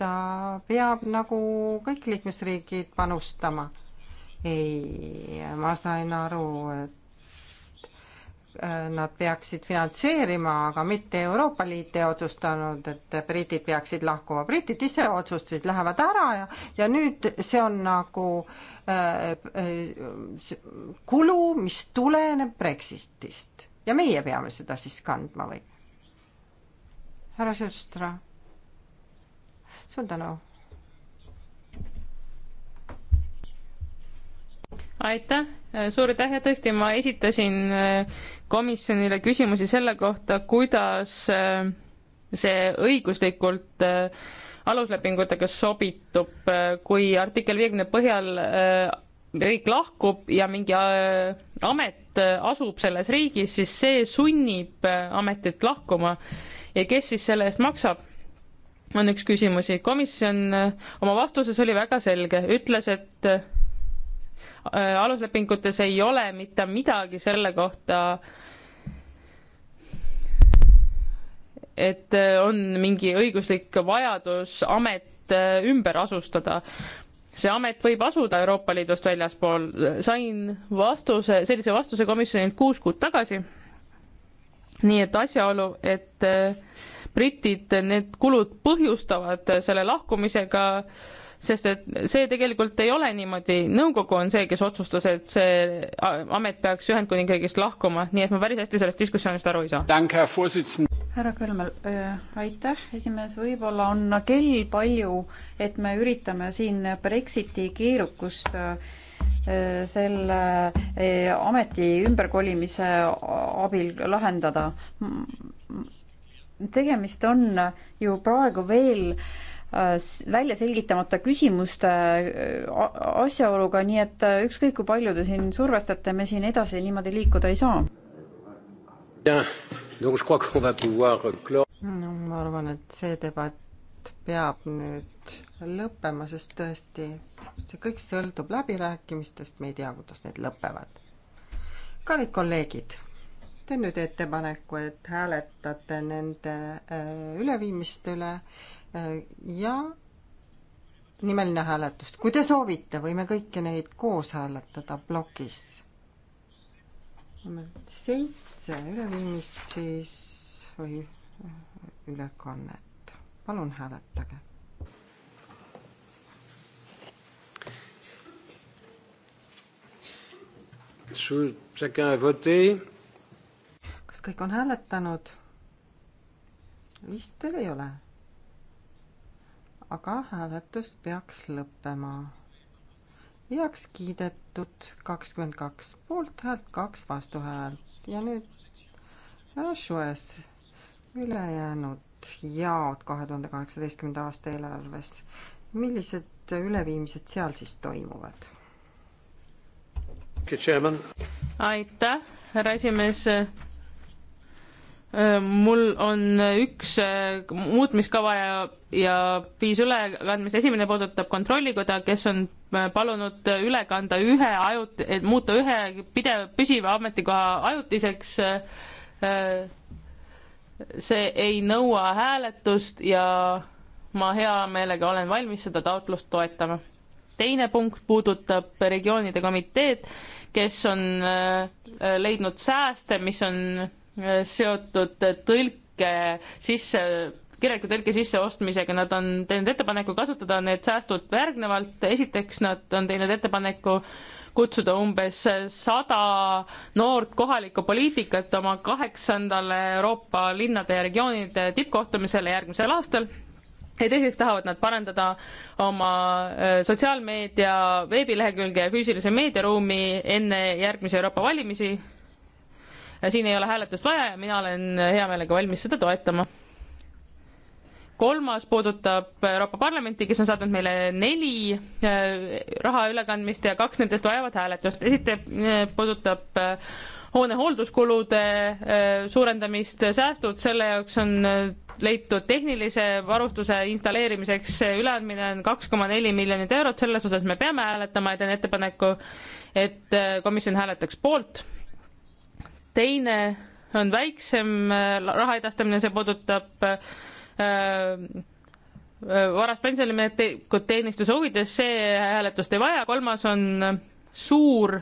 ta peab nagu kõik liikmesriigid panustama. ei, ma sain aru, et Äh, nad peaksid finantseerima, aga mitte Euroopa Liit ei otsustanud, et britid peaksid lahkuma, britid ise otsustasid, lähevad ära ja, ja nüüd see on nagu äh, äh, kulu, mis tuleneb Brexitist ja meie peame seda siis kandma või? härra Sõstra, suur tänu aitäh, suur aitäh ja tõesti, ma esitasin äh, komisjonile küsimusi selle kohta, kuidas äh, see õiguslikult äh, aluslepingutega sobitub, kui artikkel viiekümne põhjal riik lahkub ja mingi amet asub selles riigis, siis see sunnib ametit lahkuma ja kes siis selle eest maksab? on üks küsimusi. komisjon oma vastuses oli väga selge, ütles, et Äh, aluslepingutes ei ole mitte midagi selle kohta, et äh, on mingi õiguslik vajadus amet äh, ümber asustada. see amet võib asuda Euroopa Liidust väljaspool. sain vastuse, sellise vastuse komisjonilt kuus kuud tagasi. nii et asjaolu, et britid need kulud põhjustavad selle lahkumisega äh, sest et see tegelikult ei ole niimoodi, nõukogu on see, kes otsustas, et see amet peaks Ühendkuningriigist lahkuma, nii et ma päris hästi sellest diskussioonist aru ei saa. härra Kõlmel äh,, aitäh, esimees, võib-olla on kell palju, et me üritame siin Brexiti keerukust äh, selle äh, ameti ümberkolimise abil lahendada. tegemist on ju praegu veel äh, Äh, välja selgitamata küsimuste äh, asjaoluga, nii et äh, ükskõik, kui palju te siin survestate, me siin edasi niimoodi liikuda ei saa. no ma arvan, et see debatt peab nüüd lõppema, sest tõesti, see kõik sõltub läbirääkimistest, me ei tea, kuidas need lõpevad. kallid kolleegid teen nüüd ettepaneku, et hääletate nende üleviimiste üle Äh, ja nimeline hääletust. kui te soovite, võime kõiki neid koos hääletada plokis. seitse üleviimist siis või äh, ülekannet. palun hääletage. kas kõik on hääletanud? vist veel ei ole aga hääletus peaks lõppema. heaks kiidetud kakskümmend kaks poolthäält, kaks vastuhäält ja nüüd Šues ülejäänud jaod kahe tuhande kaheksateistkümnenda aasta eelarves. millised üleviimised seal siis toimuvad? aitäh, härra esimees Äh, mul on üks äh, muutmiskava ja, ja viis ülekandmist, esimene puudutab Kontrollikoda, kes on äh, palunud üle kanda ühe ajut-, et muuta ühe pidev, püsiva ametikoha ajutiseks. see ei nõua hääletust ja ma hea meelega olen valmis seda taotlust toetama. teine punkt puudutab regioonide komiteed, kes on leidnud sääste, mis on seotud tõlke sisse, kirjaliku tõlke sisseostmisega, nad on teinud ettepaneku kasutada need säästud järgnevalt, esiteks nad on teinud ettepaneku kutsuda umbes sada noort kohalikku poliitikat oma kaheksandale Euroopa linnade ja regioonide tippkohtumisele järgmisel aastal ja teiseks tahavad nad parandada oma äh, sotsiaalmeedia veebilehekülge ja füüsilise meediaruumi enne järgmisi Euroopa valimisi siin ei ole hääletust vaja ja mina olen hea meelega valmis seda toetama. kolmas puudutab Euroopa Parlamenti, kes on saatnud meile neli äh, raha ülekandmist ja kaks nendest vajavad hääletust. esiteks äh, puudutab äh, hoone hoolduskulude suurendamist, säästud selle jaoks on leitud tehnilise varustuse installeerimiseks, üleandmine on kaks koma neli miljonit eurot, selles osas me peame hääletama ja teen ettepaneku, et komisjon hääletaks poolt teine on väiksem äh, raha edastamine, see puudutab äh, äh varast pensionimeetmikut teenistuse huvides, see hääletust ei vaja, kolmas on suur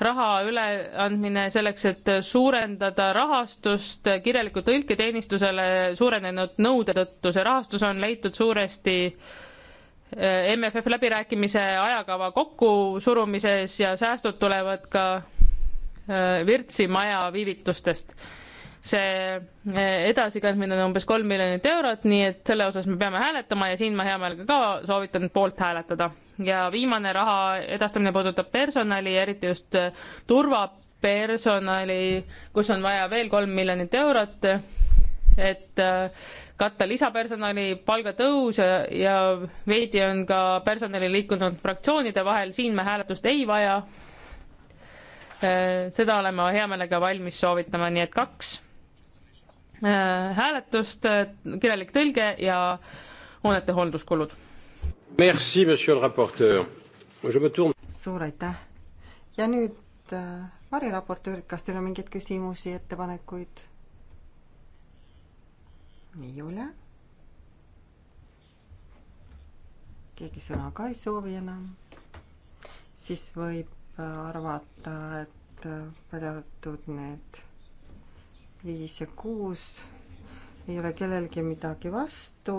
raha üleandmine selleks, et suurendada rahastust kirjaliku tõlketeenistusele suurenenud nõude tõttu, see rahastus on leitud suuresti äh, MFF läbirääkimise ajakava kokkusurumises ja säästud tulevad ka Äh, Virtsi maja viivitustest. see äh, edasikandmine on umbes kolm miljonit eurot, nii et selle osas me peame hääletama ja siin ma hea meelega ka soovitan poolt hääletada. ja viimane raha edastamine puudutab personali, eriti just äh, turvapersonali, kus on vaja veel kolm miljonit eurot, et katta lisapersonali palgatõus ja, ja veidi on ka personali liikunud fraktsioonide vahel, siin me hääletust ei vaja Äh, seda olen ma hea meelega valmis soovitama, nii et kaks äh, hääletust, äh, kirjalik tõlge ja hoonete hoolduskulud. Merci, monsieur le rapporteur. Je me tourne. suur aitäh. ja nüüd variraportöörid, kas teil on mingeid küsimusi, ettepanekuid? ei ole. keegi sõna ka ei soovi enam. siis võib arvata, et välja äh, arvatud need viis ja kuus, ei ole kellelgi midagi vastu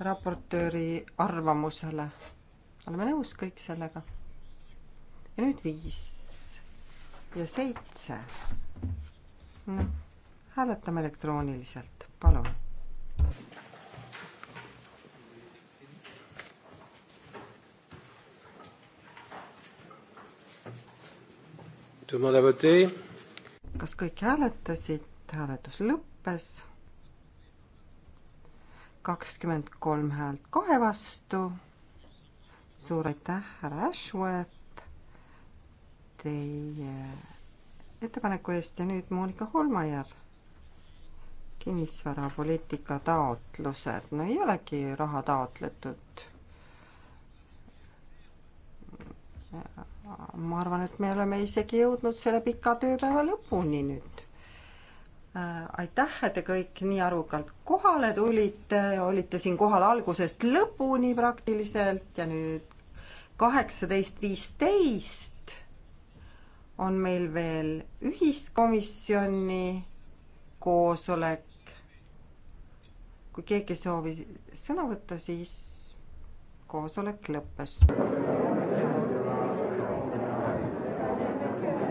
raportööri arvamusele. oleme nõus kõik sellega. ja nüüd viis ja seitse. noh, hääletame elektrooniliselt, palun kas kõik hääletasid? hääletus lõppes. kakskümmend kolm häält kahe vastu. suur aitäh, härra Ashworth, teie ettepaneku eest ja nüüd Monika Holmajärv kinnisvarapoliitika taotlused, no ei olegi raha taotletud ma arvan, et me oleme isegi jõudnud selle pika tööpäeva lõpuni nüüd. Äh, aitäh, et te kõik nii arukalt kohale tulite, olite siin kohal algusest lõpuni praktiliselt ja nüüd kaheksateist viisteist on meil veel ühiskomisjoni koosolek. kui keegi soovis sõna võtta, siis koosolek lõppes.